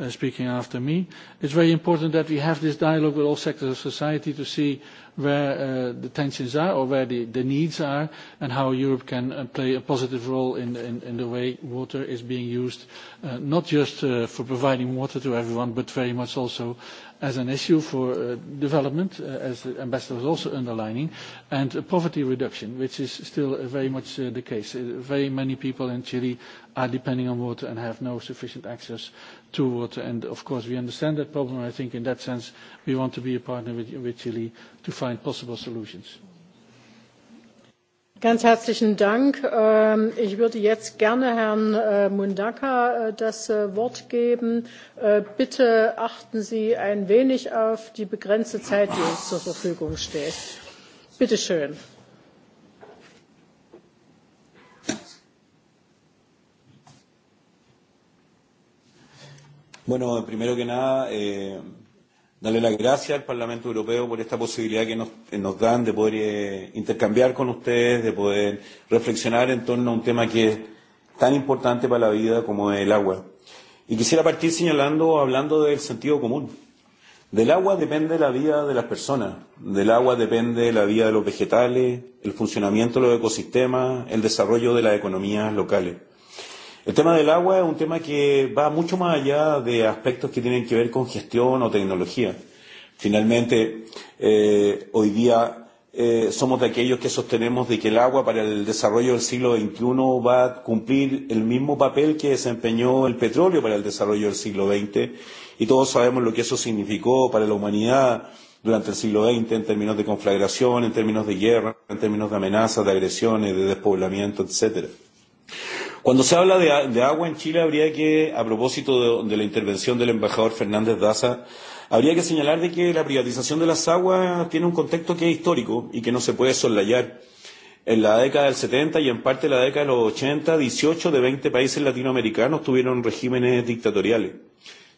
uh, speaking after me. It's very important that we have this dialogue with all sectors of society to see where uh, the tensions are or where the, the needs are and how Europe can uh, play a positive role in, in, in the way water is being used, uh, not just uh, for providing water to everyone, but very much also as an issue for uh, development, uh, as the ambassador was also underlining, and uh, poverty reduction, which is still uh, very much uh, the case. Uh, very many people in Chile are depending on water and have no sufficient access to water. And of course, we understand that problem. I think in that sense, we want to be a partner with, with Chile to find possible solutions. Ganz herzlichen Dank. Ähm, ich würde jetzt gerne Herrn äh, Mundaka äh, das äh, Wort geben. Bitte achten Sie ein wenig auf die begrenzte Zeit, die uns zur Verfügung steht. Bitte schön. Bueno, primero que nada, eh, darle las gracias al Parlamento Europeo por esta posibilidad que nos, eh, nos dan de poder eh, intercambiar con ustedes, de poder reflexionar en torno a un tema que es tan importante para la vida como el agua. Y quisiera partir señalando, hablando del sentido común. Del agua depende la vida de las personas, del agua depende la vida de los vegetales, el funcionamiento de los ecosistemas, el desarrollo de las economías locales. El tema del agua es un tema que va mucho más allá de aspectos que tienen que ver con gestión o tecnología. Finalmente, eh, hoy día eh, somos de aquellos que sostenemos de que el agua para el desarrollo del siglo XXI va a cumplir el mismo papel que desempeñó el petróleo para el desarrollo del siglo XX y todos sabemos lo que eso significó para la humanidad durante el siglo XX en términos de conflagración, en términos de guerra, en términos de amenazas, de agresiones, de despoblamiento, etcétera. Cuando se habla de, de agua en Chile, habría que, a propósito de, de la intervención del embajador Fernández Daza, habría que señalar de que la privatización de las aguas tiene un contexto que es histórico y que no se puede soslayar. En la década del 70 y en parte de la década de los 80, 18 de 20 países latinoamericanos tuvieron regímenes dictatoriales.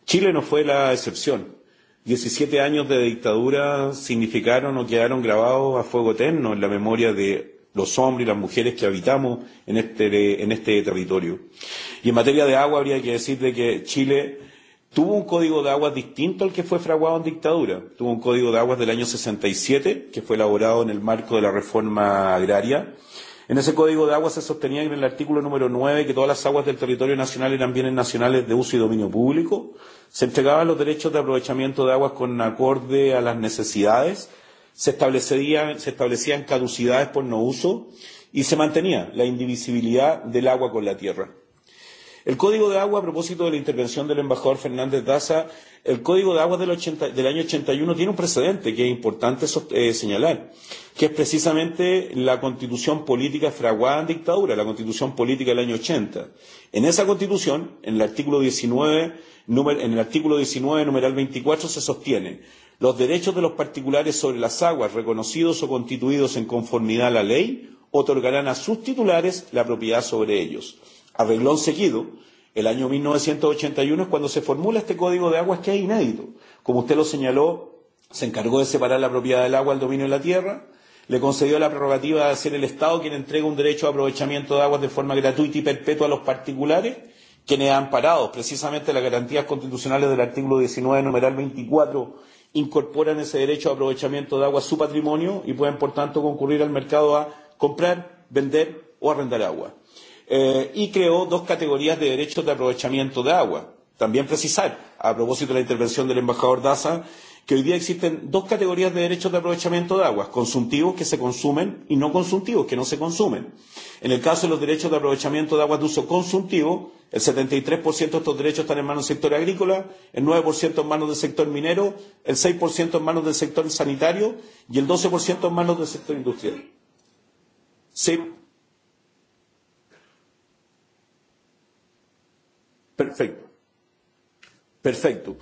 Chile no fue la excepción. 17 años de dictadura significaron o quedaron grabados a fuego eterno en la memoria de los hombres y las mujeres que habitamos en este, en este territorio. Y en materia de agua habría que decir de que Chile tuvo un código de aguas distinto al que fue fraguado en dictadura. Tuvo un código de aguas del año 67, que fue elaborado en el marco de la reforma agraria. En ese código de aguas se sostenía en el artículo número 9 que todas las aguas del territorio nacional eran bienes nacionales de uso y dominio público. Se entregaban los derechos de aprovechamiento de aguas con acorde a las necesidades se, establecerían, se establecían caducidades por no uso y se mantenía la indivisibilidad del agua con la tierra. El Código de Agua, a propósito de la intervención del embajador Fernández Daza, el Código de Agua del, 80, del año 81 tiene un precedente que es importante eh, señalar, que es precisamente la constitución política fraguada en dictadura, la constitución política del año 80. En esa constitución, en el artículo 19, número, en el artículo 19, numeral 24, se sostiene los derechos de los particulares sobre las aguas reconocidos o constituidos en conformidad a la ley otorgarán a sus titulares la propiedad sobre ellos. A renglón seguido, el año 1981 es cuando se formula este Código de Aguas que es inédito. Como usted lo señaló, se encargó de separar la propiedad del agua del dominio de la tierra, le concedió la prerrogativa de ser el Estado quien entrega un derecho de aprovechamiento de aguas de forma gratuita y perpetua a los particulares, quienes han parado precisamente las garantías constitucionales del artículo 19, numeral 24 incorporan ese derecho de aprovechamiento de agua a su patrimonio y pueden, por tanto, concurrir al mercado a comprar, vender o arrendar agua. Eh, y creó dos categorías de derechos de aprovechamiento de agua. También precisar, a propósito de la intervención del embajador Daza, que hoy día existen dos categorías de derechos de aprovechamiento de aguas, consumtivos que se consumen y no consumtivos que no se consumen. En el caso de los derechos de aprovechamiento de aguas de uso consumtivo, el 73% de estos derechos están en manos del sector agrícola, el 9% en manos del sector minero, el 6% en manos del sector sanitario y el 12% en manos del sector industrial. Sí. Perfecto. Perfecto.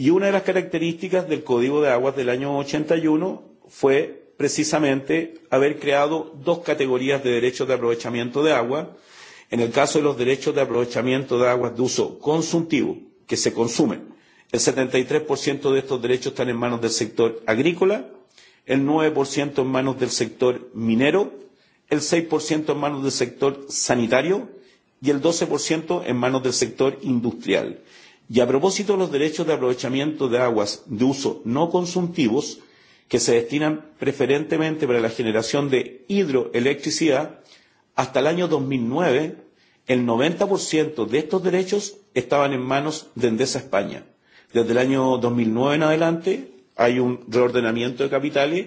Y una de las características del Código de Aguas del año 81 fue precisamente haber creado dos categorías de derechos de aprovechamiento de agua. En el caso de los derechos de aprovechamiento de aguas de uso consultivo, que se consumen, el 73% de estos derechos están en manos del sector agrícola, el 9% en manos del sector minero, el 6% en manos del sector sanitario y el 12% en manos del sector industrial. Y a propósito de los derechos de aprovechamiento de aguas de uso no consumtivos, que se destinan preferentemente para la generación de hidroelectricidad, hasta el año 2009 el 90% de estos derechos estaban en manos de Endesa España. Desde el año 2009 en adelante hay un reordenamiento de capitales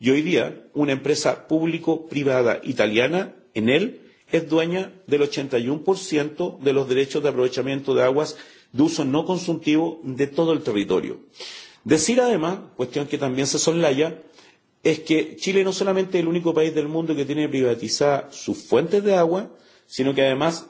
y hoy día una empresa público-privada italiana, Enel, es dueña del 81% de los derechos de aprovechamiento de aguas de uso no consultivo de todo el territorio. Decir además, cuestión que también se soslaya, es que Chile no solamente es el único país del mundo que tiene privatizada sus fuentes de agua, sino que además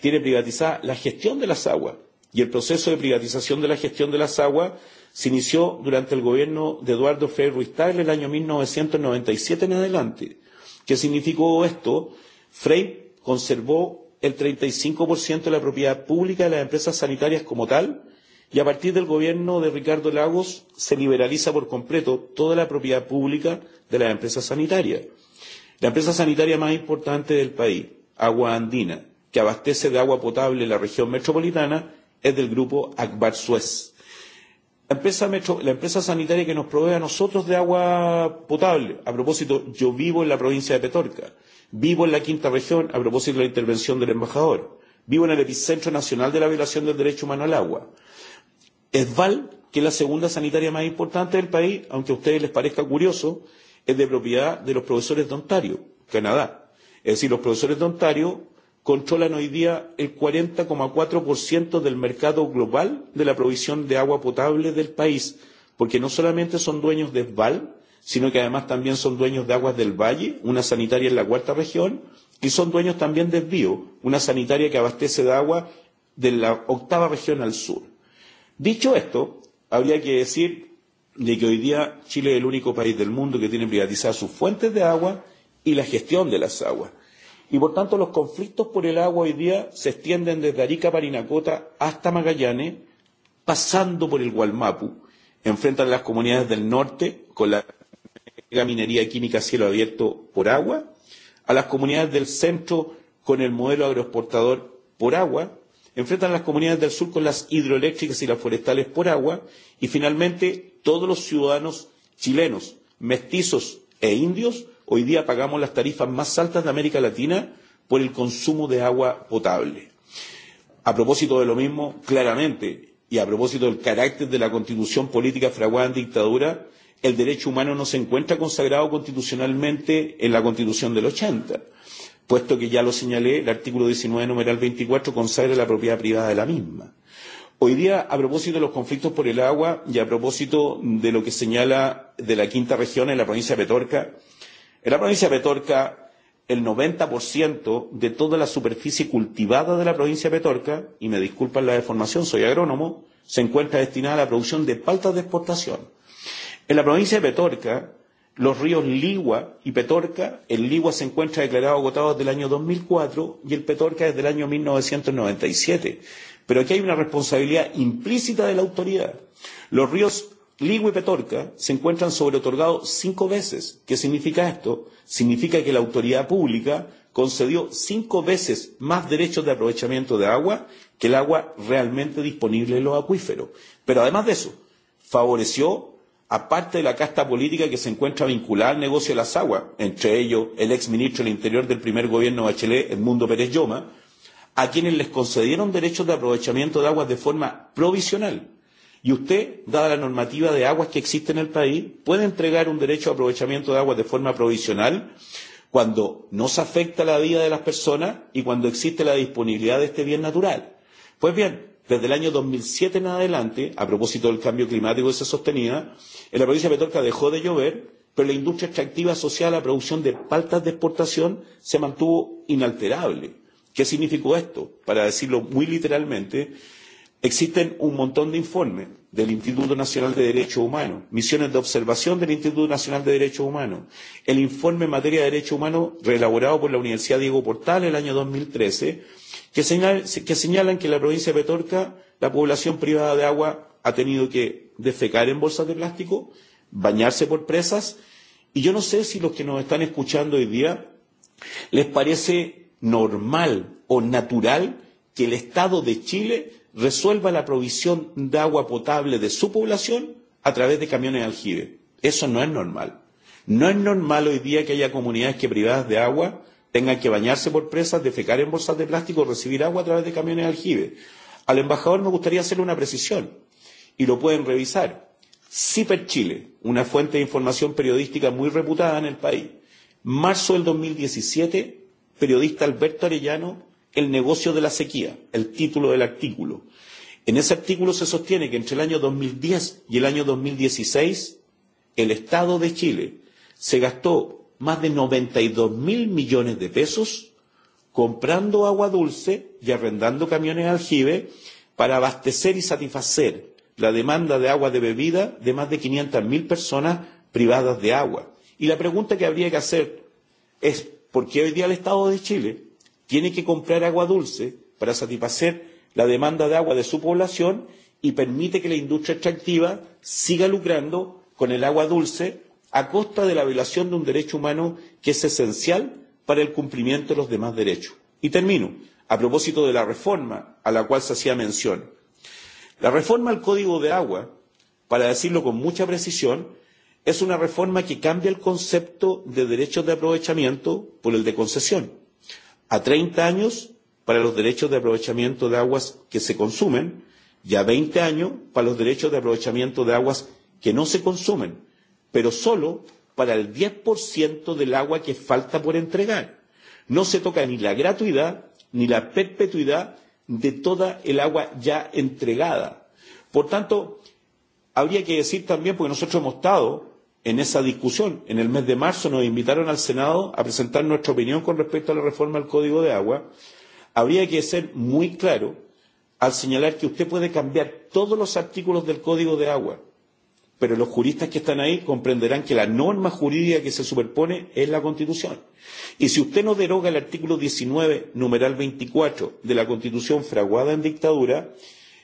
tiene privatizada la gestión de las aguas. Y el proceso de privatización de la gestión de las aguas se inició durante el gobierno de Eduardo Frei Ruiz Tagle el año 1997 en adelante. ¿Qué significó esto? Frei conservó el 35% de la propiedad pública de las empresas sanitarias como tal, y a partir del gobierno de Ricardo Lagos se liberaliza por completo toda la propiedad pública de las empresas sanitarias. La empresa sanitaria más importante del país, Agua Andina, que abastece de agua potable la región metropolitana, es del grupo Akbar Suez. La empresa, metro, la empresa sanitaria que nos provee a nosotros de agua potable, a propósito, yo vivo en la provincia de Petorca, Vivo en la quinta región, a propósito de la intervención del embajador. Vivo en el epicentro nacional de la violación del derecho humano al agua. ESVAL, que es la segunda sanitaria más importante del país, aunque a ustedes les parezca curioso, es de propiedad de los profesores de Ontario, Canadá. Es decir, los profesores de Ontario controlan hoy día el 40,4% del mercado global de la provisión de agua potable del país, porque no solamente son dueños de ESVAL, sino que además también son dueños de Aguas del Valle, una sanitaria en la cuarta región, y son dueños también de Bio, una sanitaria que abastece de agua de la octava región al sur. Dicho esto, habría que decir de que hoy día Chile es el único país del mundo que tiene privatizadas sus fuentes de agua y la gestión de las aguas. Y por tanto los conflictos por el agua hoy día se extienden desde Arica Parinacota hasta Magallanes, pasando por el Gualmapu, enfrentan las comunidades del norte con la la minería química a cielo abierto por agua, a las comunidades del centro con el modelo agroexportador por agua, enfrentan a las comunidades del sur con las hidroeléctricas y las forestales por agua, y finalmente todos los ciudadanos chilenos, mestizos e indios, hoy día pagamos las tarifas más altas de América Latina por el consumo de agua potable. A propósito de lo mismo, claramente, y a propósito del carácter de la constitución política fraguada en dictadura, el derecho humano no se encuentra consagrado constitucionalmente en la Constitución del 80, puesto que ya lo señalé, el artículo 19, numeral 24, consagra la propiedad privada de la misma. Hoy día, a propósito de los conflictos por el agua y a propósito de lo que señala de la quinta región en la provincia de Petorca, en la provincia de Petorca el 90% de toda la superficie cultivada de la provincia de Petorca, y me disculpan la deformación, soy agrónomo, se encuentra destinada a la producción de paltas de exportación En la provincia de Petorca, los ríos Ligua y Petorca, el Ligua se encuentra declarado agotado desde el año 2004 y el Petorca desde el año 1997. Pero aquí hay una responsabilidad implícita de la autoridad. Los ríos Ligua y Petorca se encuentran sobreotorgados cinco veces. ¿Qué significa esto? Significa que la autoridad pública concedió cinco veces más derechos de aprovechamiento de agua que el agua realmente disponible en los acuíferos. Pero además de eso, favoreció aparte de la casta política que se encuentra vinculada al negocio de las aguas, entre ellos el exministro del Interior del primer gobierno Bachelet, Edmundo Pérez Lloma, a quienes les concedieron derechos de aprovechamiento de aguas de forma provisional. Y usted, dada la normativa de aguas que existe en el país, puede entregar un derecho de aprovechamiento de aguas de forma provisional cuando no se afecta la vida de las personas y cuando existe la disponibilidad de este bien natural. Pues bien, Desde el año 2007 en adelante, a propósito del cambio climático que se sostenía, en la provincia de Petorca dejó de llover, pero la industria extractiva asociada a la producción de paltas de exportación se mantuvo inalterable. ¿Qué significó esto? Para decirlo muy literalmente, Existen un montón de informes del Instituto Nacional de Derechos Humanos, misiones de observación del Instituto Nacional de Derechos Humanos, el informe en materia de derechos humanos reelaborado por la Universidad Diego Portal el año 2013, que, señal, que señalan que en la provincia de Petorca la población privada de agua ha tenido que defecar en bolsas de plástico, bañarse por presas, y yo no sé si los que nos están escuchando hoy día les parece normal o natural que el Estado de Chile resuelva la provisión de agua potable de su población a través de camiones de aljibe. Eso no es normal. No es normal hoy día que haya comunidades que privadas de agua tengan que bañarse por presas, defecar en bolsas de plástico, recibir agua a través de camiones de aljibe. Al embajador me gustaría hacerle una precisión y lo pueden revisar. CIPER Chile, una fuente de información periodística muy reputada en el país. Marzo del 2017, periodista Alberto Arellano el negocio de la sequía, el título del artículo. En ese artículo se sostiene que entre el año 2010 y el año 2016, el Estado de Chile se gastó más de 92 mil millones de pesos comprando agua dulce y arrendando camiones aljibe para abastecer y satisfacer la demanda de agua de bebida de más de 500.000 personas privadas de agua. Y la pregunta que habría que hacer es, ¿por qué hoy día el Estado de Chile tiene que comprar agua dulce para satisfacer la demanda de agua de su población y permite que la industria extractiva siga lucrando con el agua dulce a costa de la violación de un derecho humano que es esencial para el cumplimiento de los demás derechos. Y termino a propósito de la reforma a la cual se hacía mención. La reforma al Código de Agua, para decirlo con mucha precisión, es una reforma que cambia el concepto de derechos de aprovechamiento por el de concesión a 30 años para los derechos de aprovechamiento de aguas que se consumen y a 20 años para los derechos de aprovechamiento de aguas que no se consumen, pero solo para el 10% del agua que falta por entregar. No se toca ni la gratuidad ni la perpetuidad de toda el agua ya entregada. Por tanto, habría que decir también, porque nosotros hemos estado en esa discusión. En el mes de marzo nos invitaron al Senado a presentar nuestra opinión con respecto a la reforma del Código de Agua. Habría que ser muy claro al señalar que usted puede cambiar todos los artículos del Código de Agua, pero los juristas que están ahí comprenderán que la norma jurídica que se superpone es la Constitución. Y si usted no deroga el artículo 19, numeral 24 de la Constitución fraguada en dictadura,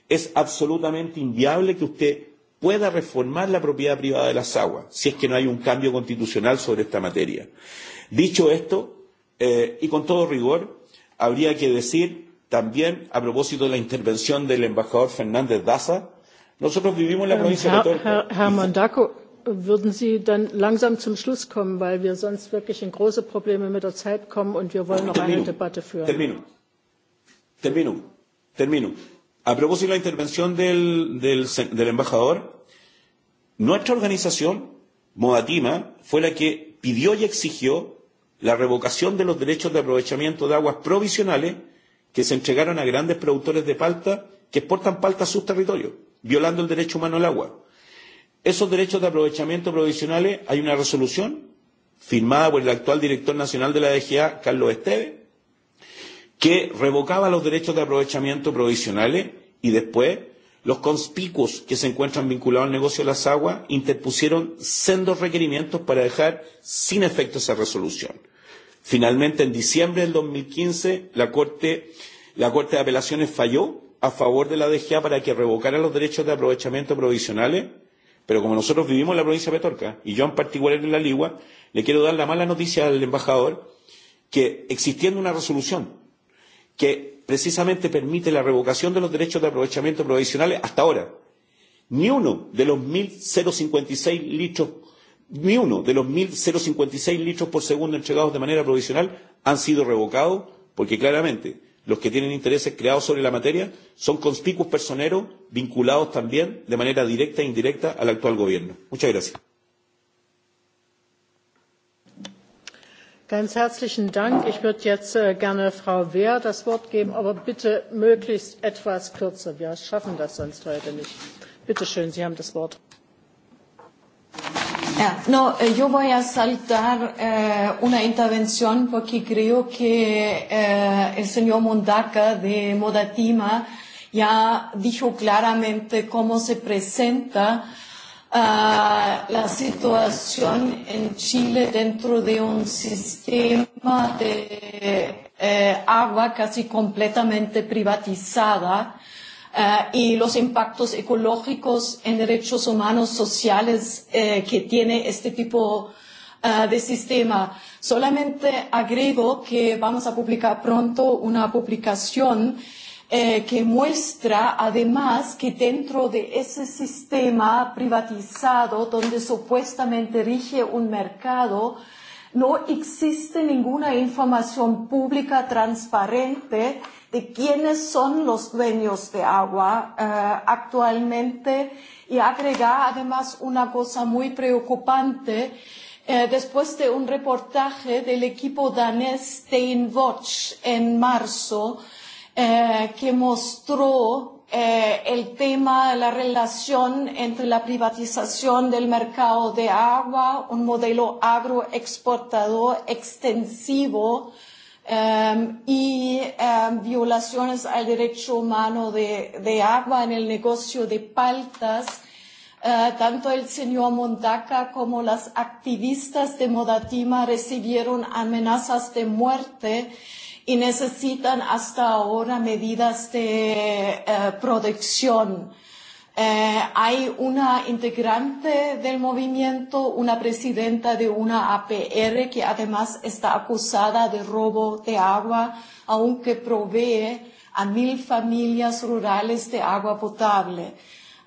es absolutamente inviable que usted pueda reformar la propiedad privada de las aguas, si es que no hay un cambio constitucional sobre esta materia. Dicho esto, eh, y con todo rigor, habría que decir también, a propósito de la intervención del embajador Fernández Daza, nosotros vivimos en la ähm, provincia um, de Torca. Herr, Herr Mandaco, würden Sie dann langsam zum Schluss kommen, weil wir sonst wirklich in große Probleme mit der Zeit kommen und wir wollen noch termino, eine Debatte führen. Termino. Termino. Termino. A propósito de la intervención del, del, del embajador, nuestra organización, Modatima, fue la que pidió y exigió la revocación de los derechos de aprovechamiento de aguas provisionales que se entregaron a grandes productores de palta que exportan palta a sus territorios, violando el derecho humano al agua. Esos derechos de aprovechamiento provisionales hay una resolución firmada por el actual director nacional de la DGA, Carlos Esteves, que revocaba los derechos de aprovechamiento provisionales y después los conspicuos que se encuentran vinculados al negocio de las aguas interpusieron sendos requerimientos para dejar sin efecto esa resolución. Finalmente, en diciembre del 2015, la Corte, la Corte de Apelaciones falló a favor de la DGA para que revocara los derechos de aprovechamiento provisionales, pero como nosotros vivimos en la provincia de Petorca, y yo en particular en la Ligua, le quiero dar la mala noticia al embajador que existiendo una resolución que precisamente permite la revocación de los derechos de aprovechamiento provisionales hasta ahora. Ni uno de los 1.056 litros, ni uno de los 1.056 litros por segundo entregados de manera provisional han sido revocados porque claramente los que tienen intereses creados sobre la materia son conspicuos personeros vinculados también de manera directa e indirecta al actual gobierno. Muchas gracias. Ganz herzlichen Dank. Ich würde jetzt äh, gerne Frau Wehr das Wort geben, aber bitte möglichst etwas kürzer. Wir schaffen das sonst heute nicht. Bitte schön, Sie haben das Wort. Yeah, no, äh, yo voy a saltar eh, una intervención porque creo que eh, el señor Mondaca de Modatima ya dijo claramente cómo se presenta eh, la situación en Chile dentro de un sistema de eh, agua casi completamente privatizada eh, y los impactos ecológicos en derechos humanos sociales eh, que tiene este tipo eh, de sistema. Solamente agrego que vamos a publicar pronto una publicación eh, eh, que muestra además que dentro de ese sistema privatizado donde supuestamente rige un mercado, no existe ninguna información pública transparente de quiénes son los dueños de agua eh, actualmente y agregar además una cosa muy preocupante. Eh, después de un reportaje del equipo danés Steinwatch en marzo, eh, eh, que mostró eh, el tema de la relación entre la privatización del mercado de agua, un modelo agroexportador extensivo um, y um, violaciones al derecho humano de, de agua en el negocio de paltas. Uh, tanto el señor Mondaca como las activistas de Modatima recibieron amenazas de muerte uh, y necesitan hasta ahora medidas de eh, protección. Eh, hay una integrante del movimiento, una presidenta de una APR que además está acusada de robo de agua, aunque provee a mil familias rurales de agua potable.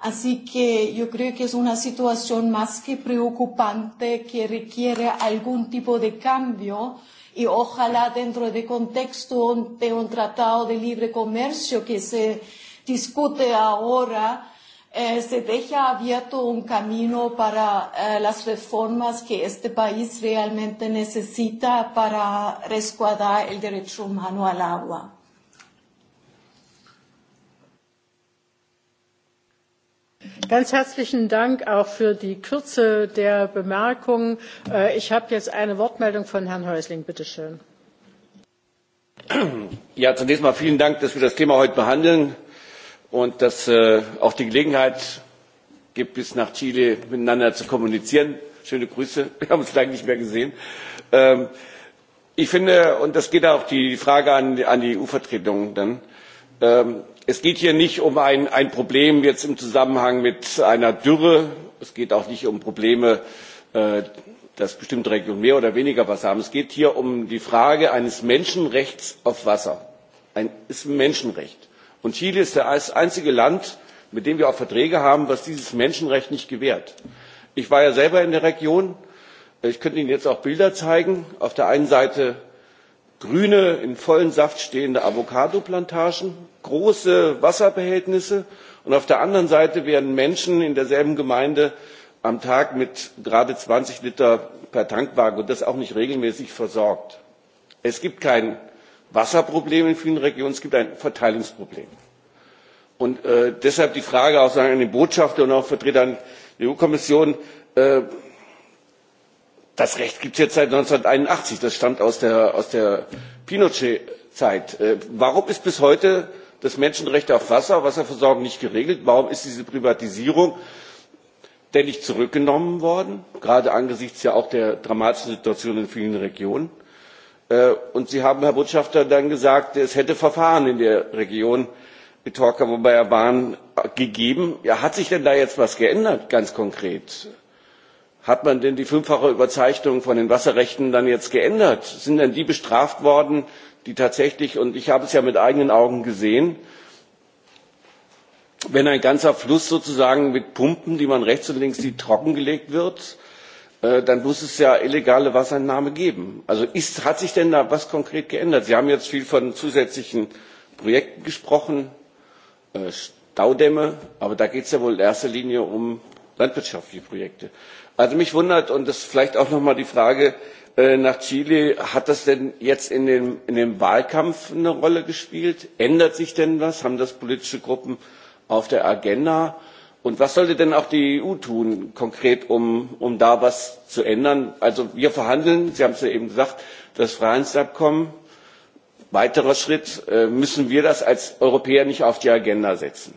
Así que yo creo que es una situación más que preocupante que requiere algún tipo de cambio uh, y ojalá dentro de contexto de un tratado de libre comercio que se discute ahora eh, se deja abierto un camino para eh, las reformas que este país realmente necesita para resguardar el derecho humano al agua. Ganz herzlichen Dank auch für die Kürze der Bemerkungen. Äh, ich habe jetzt eine Wortmeldung von Herrn Häusling. Bitte schön. Ja, zunächst mal vielen Dank, dass wir das Thema heute behandeln und dass äh, auch die Gelegenheit gibt, bis nach Chile miteinander zu kommunizieren. Schöne Grüße. (laughs) Wir haben uns lange nicht mehr gesehen. Ähm, ich finde, und das geht auch die Frage an, an die EU-Vertretung dann, ähm, es geht hier nicht um ein, ein problem jetzt im zusammenhang mit einer dürre es geht auch nicht um probleme äh, dass bestimmte regionen mehr oder weniger wasser haben es geht hier um die frage eines menschenrechts auf wasser. es ist ein menschenrecht und chile ist das einzige land mit dem wir auch verträge haben das dieses menschenrecht nicht gewährt. ich war ja selber in der region ich könnte ihnen jetzt auch bilder zeigen auf der einen seite grüne in vollem saft stehende avocadoplantagen große wasserbehältnisse und auf der anderen seite werden menschen in derselben gemeinde am tag mit gerade zwanzig liter per tankwagen und das auch nicht regelmäßig versorgt. es gibt kein wasserproblem in vielen regionen es gibt ein verteilungsproblem. Äh, deshalb die frage an den botschafter und auch an den vertreter der eu kommission äh, das recht gibt es jetzt seit eintausendneunhunderteinundachtzig das stammt aus der, aus der pinochet zeit. Äh, warum ist bis heute das menschenrecht auf wasser wasserversorgung nicht geregelt? warum ist diese privatisierung denn nicht zurückgenommen worden gerade angesichts ja auch der dramatischen situation in vielen regionen? Äh, und sie haben herr botschafter dann gesagt es hätte verfahren in der region metorka wo wir waren gegeben. hat sich denn da jetzt etwas geändert ganz konkret? hat man denn die fünffache überzeichnung von den wasserrechten dann jetzt geändert? sind denn die bestraft worden die tatsächlich und ich habe es ja mit eigenen augen gesehen wenn ein ganzer fluss sozusagen mit pumpen die man rechts und links sieht trockengelegt wird äh, dann muss es ja illegale wasserentnahme geben. also ist, hat sich denn da was konkret geändert? sie haben jetzt viel von zusätzlichen projekten gesprochen äh, staudämme aber da geht es ja wohl in erster linie um landwirtschaftliche projekte also mich wundert und das ist vielleicht auch noch mal die frage äh, nach chile hat das denn jetzt in dem, in dem wahlkampf eine rolle gespielt? ändert sich denn was? haben das politische gruppen auf der agenda? und was sollte denn auch die eu tun konkret um, um da was zu ändern? also wir verhandeln sie haben es ja eben gesagt das freihandelsabkommen. weiterer schritt äh, müssen wir das als europäer nicht auf die agenda setzen?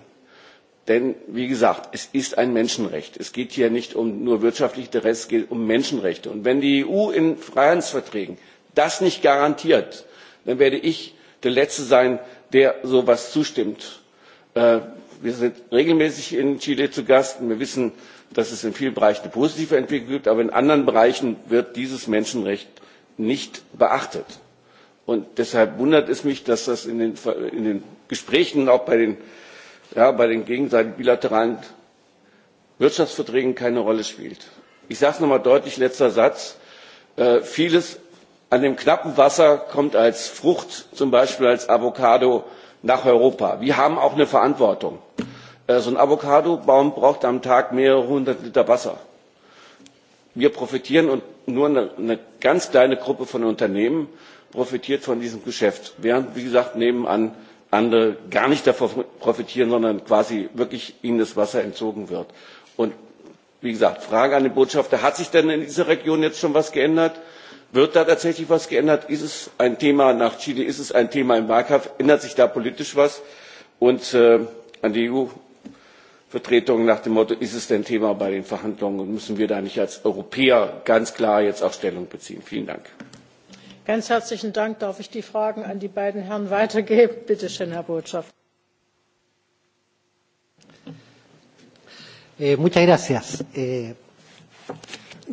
denn wie gesagt es ist ein menschenrecht. es geht hier nicht um nur wirtschaftliche interessen es geht um menschenrechte. und wenn die eu in freihandelsverträgen das nicht garantiert dann werde ich der letzte sein der so etwas zustimmt. Äh, wir sind regelmäßig in chile zu gast und wir wissen dass es in vielen bereichen eine positive entwicklung gibt aber in anderen bereichen wird dieses menschenrecht nicht beachtet. und deshalb wundert es mich dass das in den gesprächen auch bei den ja, bei den gegenseitigen bilateralen wirtschaftsverträgen keine rolle spielt. ich sage es nochmal deutlich letzter satz äh, vieles an dem knappen wasser kommt als frucht zum beispiel als avocado nach europa. wir haben auch eine verantwortung. Äh, so ein avocadobaum braucht am tag mehrere hundert liter wasser. wir profitieren und nur eine, eine ganz kleine gruppe von unternehmen profitiert von diesem geschäft während wie gesagt nebenan andere gar nicht davon profitieren, sondern quasi wirklich ihnen das Wasser entzogen wird. Und wie gesagt, Frage an den Botschafter, hat sich denn in dieser Region jetzt schon was geändert? Wird da tatsächlich was geändert? Ist es ein Thema nach Chile? Ist es ein Thema im Wahlkampf? Ändert sich da politisch was? Und äh, an die EU-Vertretung nach dem Motto, ist es denn Thema bei den Verhandlungen und müssen wir da nicht als Europäer ganz klar jetzt auch Stellung beziehen? Vielen Dank. Ganz herzlichen Dank. Darf ich die Fragen an die beiden Herren weitergeben? Bitte schön, Herr Botschafter. Eh, muchas gracias. Eh,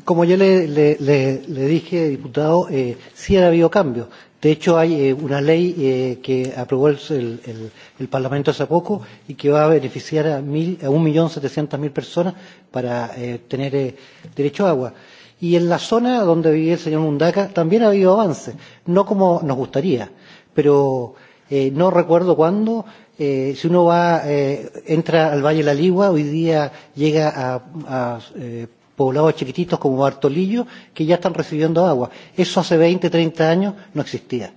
como yo le, le, le, le dije, diputado, eh, sí ha habido cambios. De hecho, hay eh, una ley eh, que aprobó el, el, el Parlamento hace poco y que va a beneficiar a, mil, a 1.700.000 personas para eh, tener eh, derecho a agua. Eh, Y en la zona donde vivía el señor Mundaca también ha habido avances, no como nos gustaría, pero eh, no recuerdo cuándo. Eh, si uno va, eh, entra al Valle de la Ligua, hoy día llega a, a eh, poblados chiquititos como Bartolillo, que ya están recibiendo agua. Eso hace 20, 30 años no existía.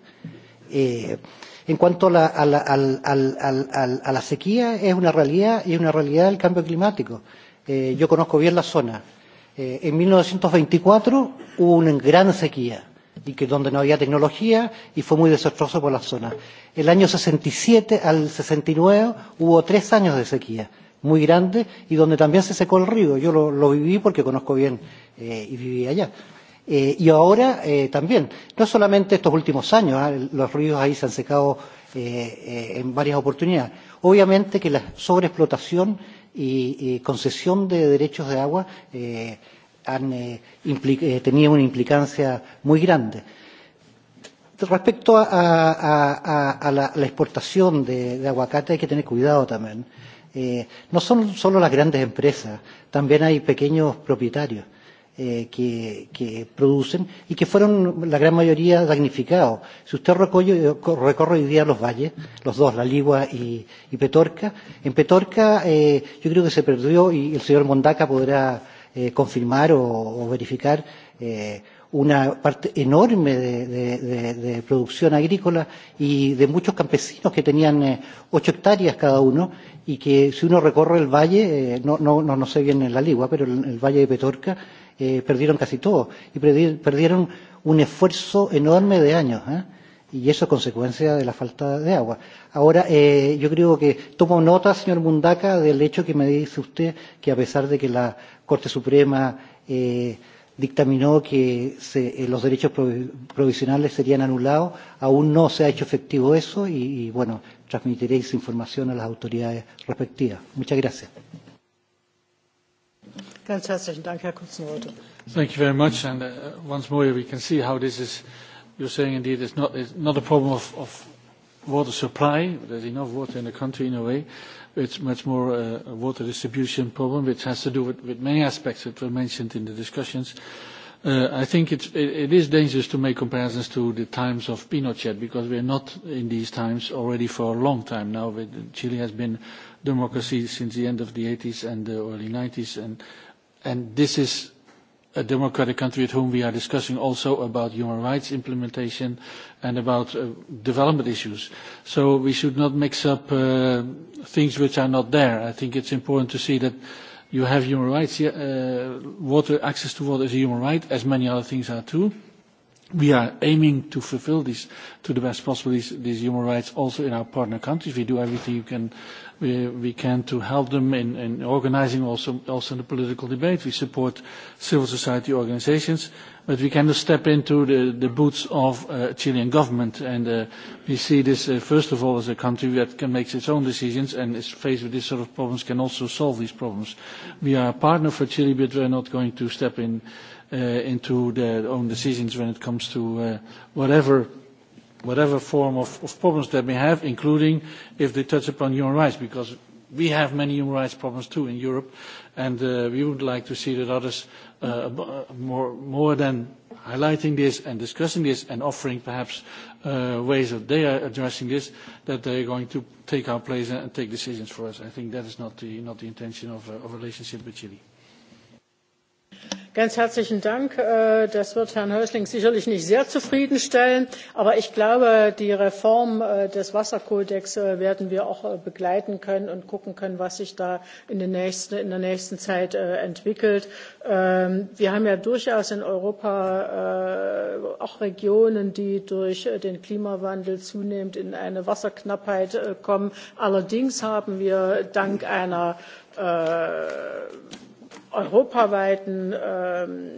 Eh, en cuanto a la, a, la, al, al, al, al, a la sequía, es una realidad y es una realidad del cambio climático. Eh, yo conozco bien la zona. Eh, en 1924 hubo una gran sequía y que donde no había tecnología y fue muy desastroso por la zona. El año 67 al 69 hubo tres años de sequía muy grande y donde también se secó el río. Yo lo, lo viví porque conozco bien eh, y viví allá. Eh, y ahora eh, también, no solamente estos últimos años, ¿eh? los ríos ahí se han secado eh, eh, en varias oportunidades. Obviamente que la sobreexplotación eh, y eh, concesión de derechos de agua eh, han eh, eh, tenido una implicancia muy grande. Respecto a, a, a, a la, la exportación de, de aguacate hay que tener cuidado también. Eh, no son solo las grandes empresas, también hay pequeños propietarios. Eh, eh, que, que producen y que fueron la gran mayoría damnificados. Si usted recorre, recorre hoy día los valles, los dos, La Ligua y, y Petorca, en Petorca eh, yo creo que se perdió y el señor Mondaca podrá eh, confirmar o, o verificar eh, una parte enorme de, de, de, de producción agrícola y de muchos campesinos que tenían eh, ocho hectáreas cada uno y que si uno recorre el valle, eh, no, no, no, no sé bien en la Ligua, pero en el valle de Petorca, eh, perdieron casi todo y perdieron un esfuerzo enorme de años. ¿eh? Y eso es consecuencia de la falta de agua. Ahora, eh, yo creo que tomo nota, señor Mundaca, del hecho que me dice usted que a pesar de que la Corte Suprema eh, dictaminó que se, eh, los derechos provisionales serían anulados. Aún no se ha hecho efectivo eso y, y bueno, transmitiré esa información a las autoridades respectivas. Muchas gracias. Ganz herzlichen Dank, Herr Kutzenreuter. Thank you very much. And uh, once more, we can see how this is, you're saying indeed, it's not, it's not a problem of, of water supply. There's enough water in the country in a way. It's much more uh, a water distribution problem, which has to do with, with many aspects that were mentioned in the discussions. Uh, I think it's, it, it is dangerous to make comparisons to the times of Pinochet because we're not in these times already for a long time now. Chile has been democracy since the end of the 80s and the early 90s, and and this is a democratic country with whom we are discussing also about human rights implementation and about uh, development issues. So we should not mix up uh, things which are not there. I think it's important to see that you have human rights. Uh, water, access to water is a human right, as many other things are too. Uh, we are aiming to fulfill these to the best possible these, these human rights also in our partner countries. We do everything you can, we, we can to help them in, in organizing also, also in the political debate. We support civil society organizations, but we cannot step into the, the boots of uh, Chilean government. And uh, we see this, uh, first of all, as a country that can make its own decisions and is faced with this sort of problems, can also solve these problems. We are a partner for Chile, but we're not going to step in uh, uh, into their own decisions when it comes to uh, whatever whatever form of, of problems that we have, including if they touch upon human rights, because we have many human rights problems too in Europe, and uh, we would like to see that others, uh, uh, more, more than highlighting this and discussing this and offering perhaps uh, ways that they are addressing this, that they are going to take our place and take decisions for us. I think that is not the, not the intention of, uh, of a relationship with Chile. Ganz herzlichen Dank. Äh, das wird Herrn Häusling sicherlich nicht sehr zufriedenstellen. Aber ich glaube, die Reform äh, des Wasserkodex äh, werden wir auch begleiten können und gucken können, was sich da in, den nächsten, in der nächsten Zeit entwickelt. Ähm, wir haben ja durchaus in Europa auch Regionen, die durch den Klimawandel zunehmend in eine Wasserknappheit kommen. Allerdings haben wir dank einer europaweiten ähm,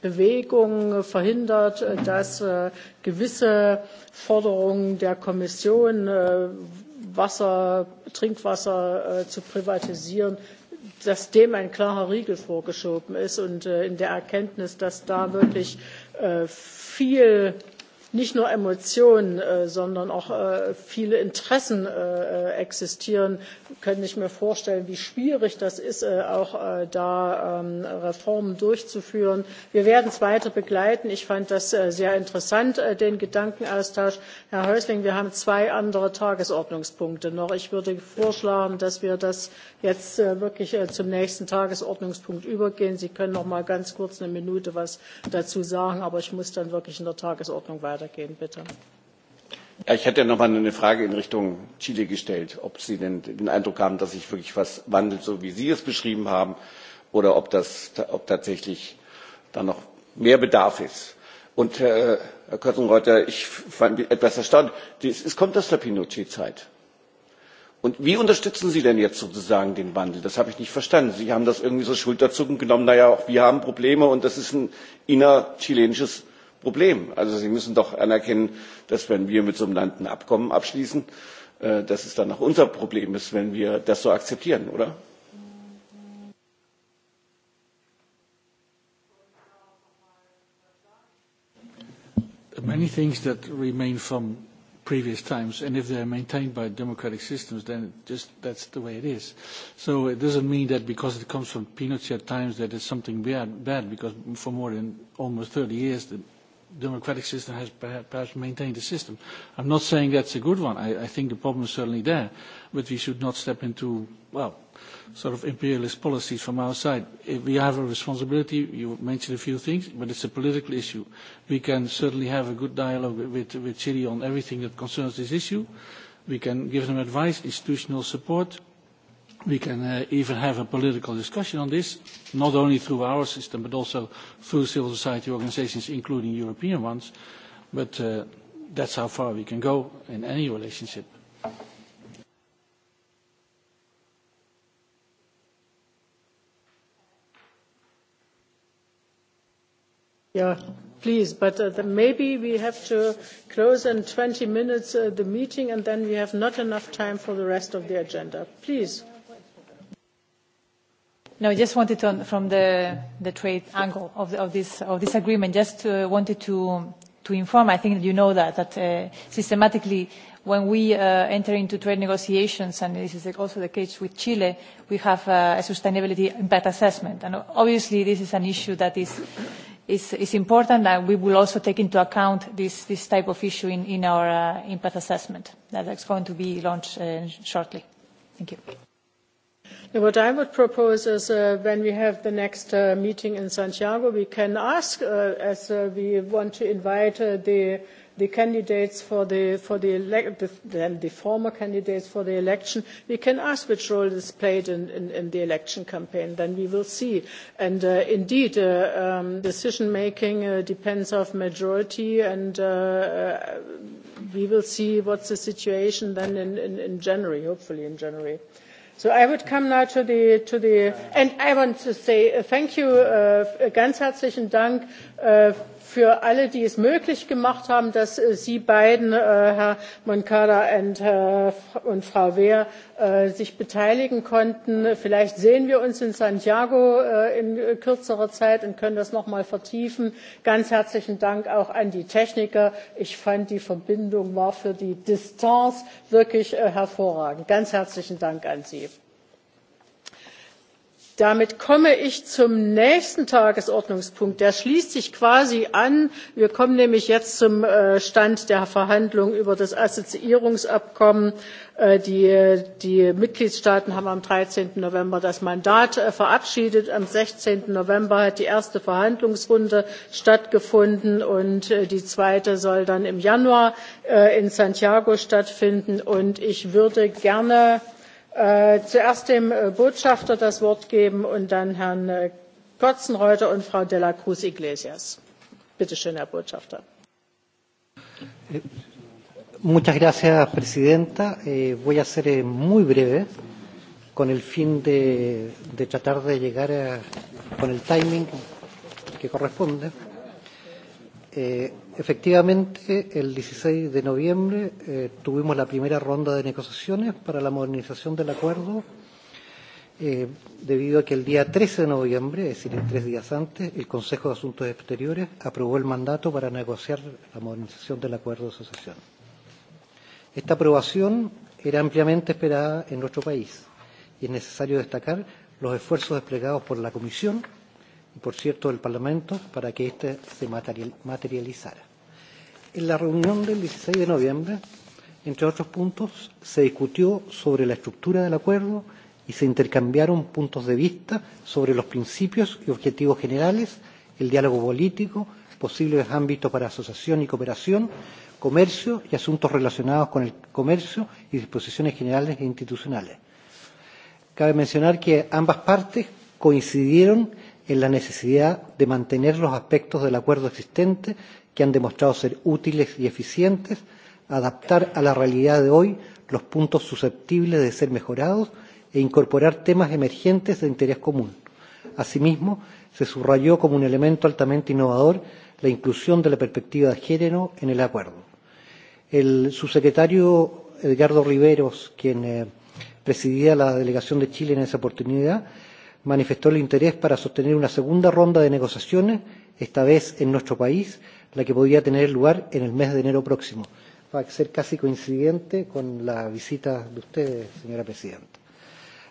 Bewegung verhindert, äh, dass äh, gewisse Forderungen der Kommission, äh, Wasser, Trinkwasser äh, zu privatisieren, dass dem ein klarer Riegel vorgeschoben ist und äh, in der Erkenntnis, dass da wirklich äh, viel nicht nur Emotionen, äh, sondern auch äh, viele Interessen äh, äh existieren, könnte ich mir vorstellen, wie schwierig das ist, äh, auch äh, da ähm, Reformen durchzuführen. Wir werden es weiter begleiten. Ich fand das äh, sehr interessant, äh, den Gedankenaustausch. Herr Häusling, wir haben zwei andere Tagesordnungspunkte noch. Ich würde vorschlagen, dass wir das jetzt äh, wirklich äh, zum nächsten Tagesordnungspunkt übergehen. Sie können noch mal ganz kurz eine Minute was dazu sagen, aber ich muss dann wirklich in der Tagesordnung weiter weitergehen. Bitte. Ja, ich hätte noch mal eine Frage in Richtung Chile gestellt, ob Sie denn den Eindruck haben, dass sich wirklich was wandelt, so wie Sie es beschrieben haben, oder ob, das, ob tatsächlich da noch mehr Bedarf ist. Und äh, Herr Kötzenreuther, ich fand etwas erstaunt. Dies, es kommt aus der Pinochet-Zeit. Und wie unterstützen Sie denn jetzt sozusagen den Wandel? Das habe ich nicht verstanden. Sie haben das irgendwie so schulterzuckend genommen. Naja, auch wir haben Probleme und das ist ein innerchilenisches Problem. Also Sie müssen doch anerkennen, dass wenn wir mit so einem Land ein Abkommen abschließen, äh, dass es dann auch unser Problem ist, wenn wir das so akzeptieren, oder? Many things that remain from previous times, and if they're maintained by democratic systems, then just that's the way it is. So it doesn't mean that because it comes from Pinochet times that it's something bad, bad because for more than almost 30 years the democratic system has perhaps maintained a system. I'm not saying that's a good one. I, I think the problem is certainly there, but we should not step into, well, sort of imperialist policies from our side. If we have a responsibility. You mentioned a few things, but it's a political issue. We can certainly have a good dialogue with, with Chile on everything that concerns this issue. We can give them advice, institutional support, we can uh, even have a political discussion on this, not only through our system, but also through civil society organizations, including European ones. But uh, that's how far we can go in any relationship. Yeah, please, but uh, the, maybe we have to close in 20 minutes uh, the meeting and then we have not enough time for the rest of the agenda. Please. No, I just wanted to, from the, the trade angle of, the, of, this, of this agreement, just uh, wanted to, to inform, I think you know that, that uh, systematically when we uh, enter into trade negotiations, and this is also the case with Chile, we have uh, a sustainability impact assessment. And obviously this is an issue that is, is, is important, and we will also take into account this, this type of issue in, in our uh, impact assessment that is going to be launched uh, shortly. Thank you. Now, what I would propose is uh, when we have the next uh, meeting in Santiago, we can ask, uh, as uh, we want to invite uh, the the candidates for the for the elect the, then the former candidates for the election we can ask which role is played in, in, in the election campaign then we will see and uh, indeed uh, um, decision making uh, depends on majority and uh, uh, we will see what's the situation then in, in, in January hopefully in January uh, So I would come now to the, to the, and I want to say uh, thank you, uh, uh, ganz herzlichen Dank uh, für alle, die es möglich gemacht haben, dass äh, Sie beiden, äh, Herr Moncada und, äh, und Frau Wehr, äh, sich beteiligen konnten. Vielleicht sehen wir uns in Santiago äh, in äh, kürzerer Zeit und können das nochmal vertiefen. Ganz herzlichen Dank auch an die Techniker. Ich fand, die Verbindung war für die Distanz wirklich äh, hervorragend. Ganz herzlichen Dank an Sie damit komme ich zum nächsten tagesordnungspunkt der schließt sich quasi an wir kommen nämlich jetzt zum äh, stand der verhandlungen über das assoziierungsabkommen äh, die, die mitgliedstaaten haben am. dreizehn november das mandat äh, verabschiedet am. sechzehn november hat die erste verhandlungsrunde stattgefunden und die zweite soll dann im januar in santiago stattfinden und ich würde gerne Äh, zuerst dem äh, Botschafter das Wort geben und dann Herrn äh, Kotzenreuter und Frau de la Cruz Iglesias. Bitte schön, Herr Botschafter. Muchas gracias, Presidenta. Eh, voy a ser eh, muy breve con el fin de, de tratar de llegar a, con el timing que corresponde. Eh, Efectivamente, el 16 de noviembre eh, tuvimos la primera ronda de negociaciones para la modernización del acuerdo, eh, debido a que el día 13 de noviembre, es decir, tres días antes, el Consejo de Asuntos Exteriores aprobó el mandato para negociar la modernización del acuerdo de asociación. Esta aprobación era ampliamente esperada en nuestro país y es necesario destacar los esfuerzos desplegados por la Comisión y, por cierto, del Parlamento para que éste se materializara. En la reunión del 16 de noviembre, entre otros puntos, se discutió sobre la estructura del acuerdo y se intercambiaron puntos de vista sobre los principios y objetivos generales, el diálogo político, posibles ámbitos para asociación y cooperación, comercio y asuntos relacionados con el comercio y disposiciones generales e institucionales. Cabe mencionar que ambas partes coincidieron en la necesidad de mantener los aspectos del acuerdo existente que han demostrado ser útiles y eficientes, adaptar a la realidad de hoy los puntos susceptibles de ser mejorados e incorporar temas emergentes de interés común. Asimismo, se subrayó como un elemento altamente innovador la inclusión de la perspectiva de género en el acuerdo. El subsecretario Edgardo Riveros, quien eh, presidía la delegación de Chile en esa oportunidad, manifestó el interés para sostener una segunda ronda de negociaciones, esta vez en nuestro país, la que podría tener lugar en el mes de enero próximo. Va a ser casi coincidente con la visita de ustedes, señora presidenta.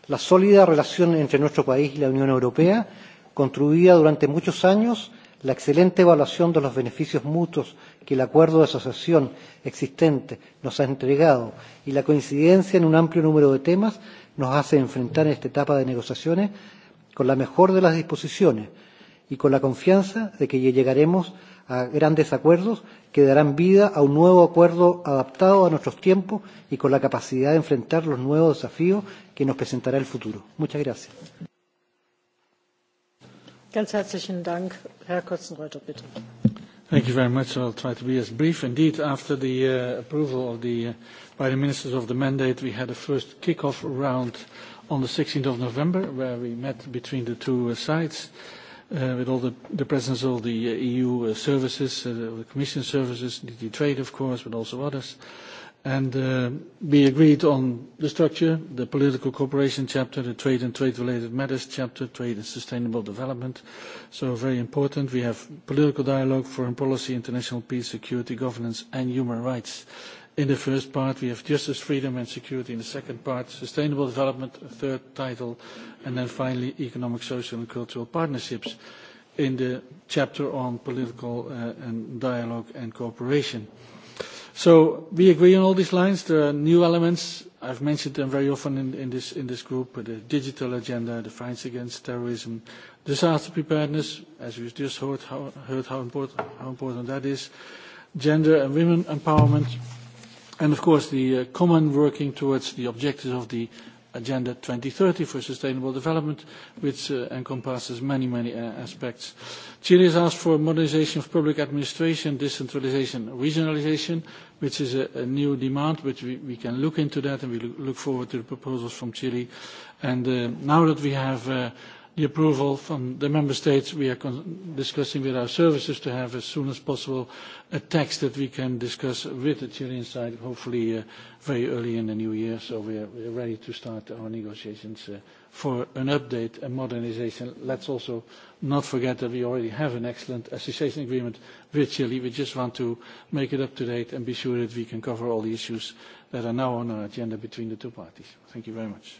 La sólida relación entre nuestro país y la Unión Europea, construida durante muchos años, la excelente evaluación de los beneficios mutuos que el acuerdo de asociación existente nos ha entregado y la coincidencia en un amplio número de temas nos hace enfrentar en esta etapa de negociaciones con la mejor de las disposiciones y con la confianza de que llegaremos a grandes acuerdos que darán vida a un nuevo acuerdo adaptado a nuestros tiempos y con la capacidad de enfrentar los nuevos desafíos que nos presentará el futuro. Muchas gracias. Ganz herzlichen Dank, Herr Kotzenreuther, bitte. Thank you very much. I'll try to be as brief. Indeed, after the uh, approval of the, uh, by the ministers of the mandate, we had a first kick-off round uh, on the 16th of November, where we met between the two uh, sides uh, with all the, the presence of the uh, EU uh, services, the Commission services, DG Trade, of course, but also others. And we agreed on the structure, the political cooperation chapter, the trade and trade-related matters chapter, trade and sustainable development. So very important. We have political dialogue, foreign policy, international peace, security, governance, and human rights In the first part, we have justice, freedom and security. In the second part, sustainable development, a third title, and then finally economic, social and cultural partnerships in the chapter on political uh, and dialogue and cooperation. So we agree on all these lines. There are new elements. I've mentioned them very often in, in, this, in this group, the digital agenda, the fights against terrorism, disaster preparedness, as we've just heard how, heard how, important, how important that is, gender and women empowerment, and of course the uh, common working towards the objectives of the Agenda 2030 for Sustainable Development, which uh, encompasses many, many uh, aspects. Chile has asked for modernization of public administration, decentralization, regionalization, which is a, a new demand, but we, we can look into that and we look, look forward to the proposals from Chile. And uh, now that we have uh, the approval from the member states. We are con discussing with our services to have, as soon as possible, a text that we can discuss with the Chilean side, hopefully uh, very early in the new year. So we are, we are ready to start our negotiations uh, for an update and modernization. Let's also not forget that we already have an excellent association agreement with Chile. We just want to make it up to date and be sure that we can cover all the issues that are now on our agenda between the two parties. Thank you very much.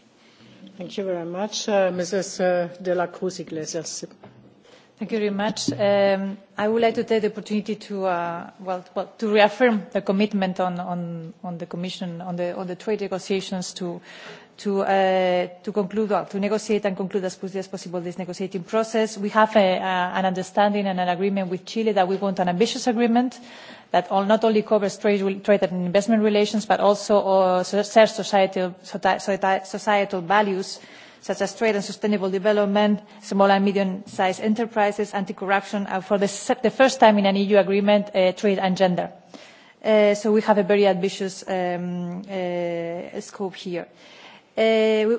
Thank you very much, uh, Mrs. Uh, De la Cruz Iglesias. Thank you very much. Um, I would like to take the opportunity to, uh, well, well, to reaffirm the commitment on, on, on the Commission, on the, on the trade negotiations to, to, uh, to conclude, or to negotiate and conclude as quickly as possible this negotiating process. We have a, a, an understanding and an agreement with Chile that we want an ambitious agreement that all, not only covers trade, trade and investment relations, but also uh, shared societal, societal values such as trade and sustainable development, small and medium-sized enterprises, anti-corruption, and for the, the first time in an EU agreement, uh, trade and gender. Uh, so we have a very ambitious um, uh, scope here. Uh,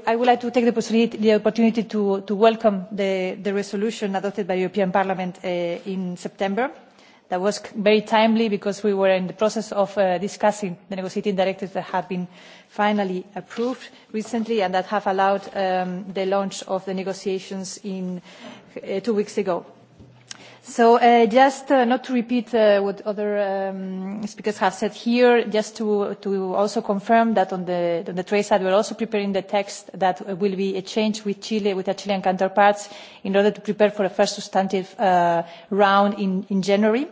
I would like to take the opportunity, the opportunity to, to welcome the, the resolution adopted by the European Parliament uh, in September that was very timely because we were in the process of uh, discussing the negotiating directives that have been finally approved recently and that have allowed um, the launch of the negotiations in, uh, two weeks ago. So uh, just uh, not to repeat uh, what other um, speakers have said here, just to, to also confirm that on the, on the trade side, we're also preparing the text that will be a change with Chile, with our Chilean counterparts, in order to prepare for a first substantive uh, round in, in January.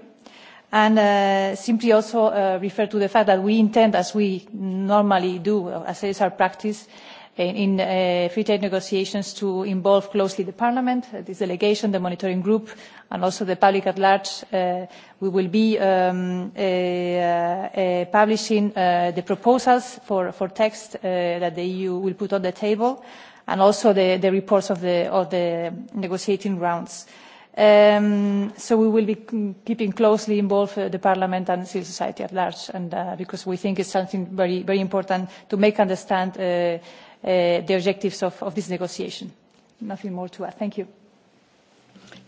And uh, simply also uh, refer to the fact that we intend, as we normally do, as is our practice, uh, in uh, free trade negotiations to involve closely the parliament, uh, this delegation, the monitoring group, and also the public at large. Uh, we will be um, uh, uh, publishing uh, the proposals for, for text uh, that the EU will put on the table, and also the, the reports of the, of the negotiating rounds. Um, so we will be keeping closely involved uh, the parliament and civil society at large and uh, because we think it's something very very important to make understand uh, uh, the objectives of, of this negotiation. Nothing more to add. Thank you.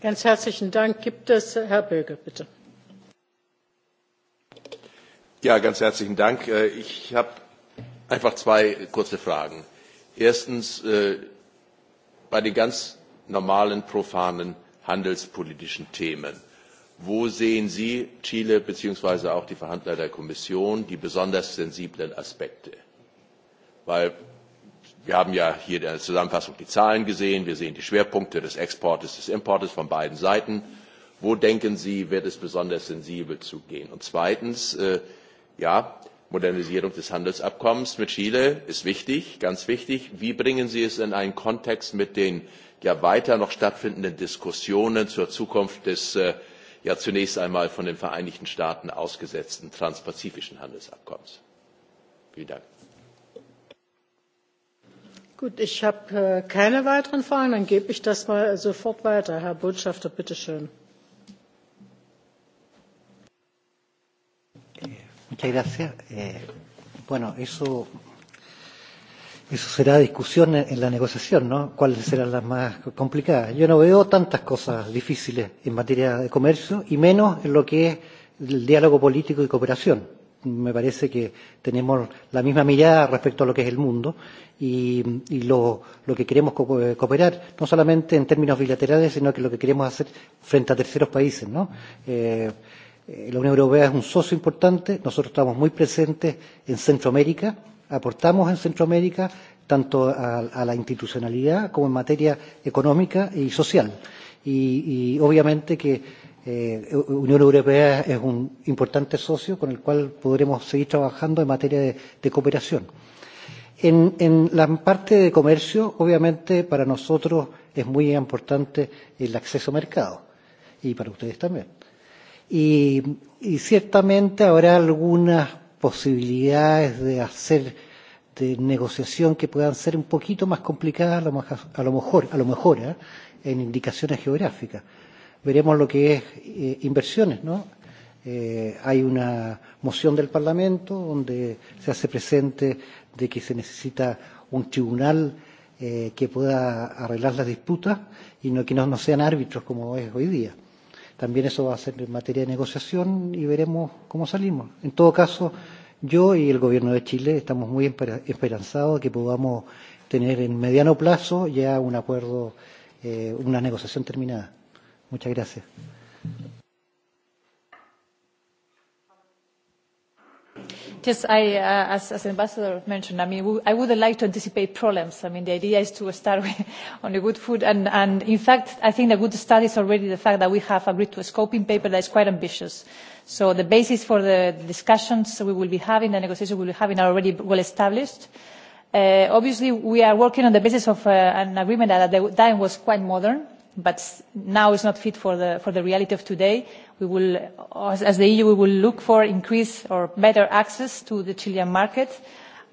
Ganz herzlichen Dank. Gibt es Herr Böge, bitte? Ja, ganz herzlichen Dank. Äh, ich habe einfach zwei kurze Fragen. Erstens, äh, bei den ganz normalen, profanen handelspolitischen Themen. Wo sehen Sie, Chile bzw. auch die Verhandler der Kommission, die besonders sensiblen Aspekte? Weil Wir haben ja hier in der Zusammenfassung die Zahlen gesehen. Wir sehen die Schwerpunkte des Exportes, des Importes von beiden Seiten. Wo denken Sie, wird es besonders sensibel zugehen? Und zweitens, äh, ja, Modernisierung des Handelsabkommens mit Chile ist wichtig, ganz wichtig. Wie bringen Sie es in einen Kontext mit den ja weiter noch stattfindenden Diskussionen zur Zukunft des äh, ja zunächst einmal von den Vereinigten Staaten ausgesetzten transpazifischen Handelsabkommens? Vielen Dank. Gut, ich habe äh, keine weiteren Fragen. Dann gebe ich das mal sofort weiter. Herr Botschafter, bitteschön. Eh, muchas gracias. Eh, bueno, eso, eso será discusión en, en la negociación, ¿no? ¿Cuáles serán las más complicadas? Yo no veo tantas cosas difíciles en materia de comercio y menos en lo que es el diálogo político y cooperación me parece que tenemos la misma mirada respecto a lo que es el mundo y, y lo, lo que queremos co eh, cooperar, no solamente en términos bilaterales, sino que lo que queremos hacer frente a terceros países. ¿no? Eh, eh, la Unión Europea es un socio importante, nosotros estamos muy presentes en Centroamérica, aportamos en Centroamérica tanto a, a la institucionalidad como en materia económica y social. Y, y obviamente que Eh, Unión Europea es un importante socio con el cual podremos seguir trabajando en materia de, de cooperación. En, en la parte de comercio, obviamente, para nosotros es muy importante el acceso a mercado y para ustedes también. Y, y ciertamente habrá algunas posibilidades de hacer de negociación que puedan ser un poquito más complicadas a lo, a lo mejor, a lo mejor ¿eh? en indicaciones geográficas. Eh, veremos lo que es eh, inversiones, ¿no? Eh, hay una moción del Parlamento donde se hace presente de que se necesita un tribunal eh, que pueda arreglar las disputas y no que no, no sean árbitros como es hoy día. También eso va a ser en materia de negociación y veremos cómo salimos. En todo caso, yo y el Gobierno de Chile estamos muy esperanzados de que podamos tener en mediano plazo ya un acuerdo, eh, una negociación terminada. Muchas gracias. Yes, I, uh, as, as Ambassador mentioned, I mean, I would like to anticipate problems. I mean, the idea is to start with, (laughs) on a good foot. And, and in fact, I think the good start is already the fact that we have agreed to a scoping paper that is quite ambitious. So the basis for the discussions we will be having, the negotiations we will be having are already well established. Uh, obviously, we are working on the basis of uh, an agreement that at the time was quite modern but now is not fit for the, for the reality of today. We will, as the EU, we will look for increased or better access to the Chilean market,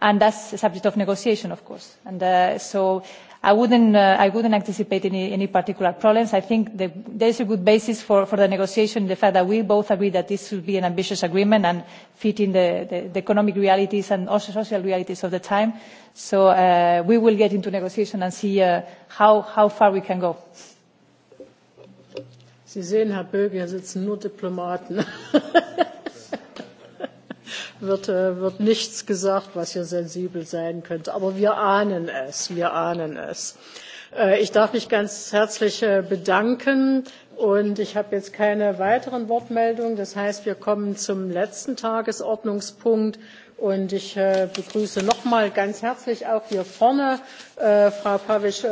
and that's a subject of negotiation, of course. And uh, so I wouldn't, uh, I wouldn't anticipate any, any particular problems. I think the, there's a good basis for, for the negotiation, the fact that we both agree that this should be an ambitious agreement and fit in the, the, the economic realities and also social realities of the time. So uh, we will get into negotiation and see uh, how, how far we can go. Sie sehen, Herr Böge, hier sitzen nur Diplomaten. (laughs) wird, äh, wird nichts gesagt, was hier sensibel sein könnte. Aber wir ahnen es, wir ahnen es. Äh, ich darf mich ganz herzlich äh, bedanken. Und ich habe jetzt keine weiteren Wortmeldungen. Das heißt, wir kommen zum letzten Tagesordnungspunkt. Und ich äh, begrüße nochmal ganz herzlich auch hier vorne äh, Frau Pavic äh,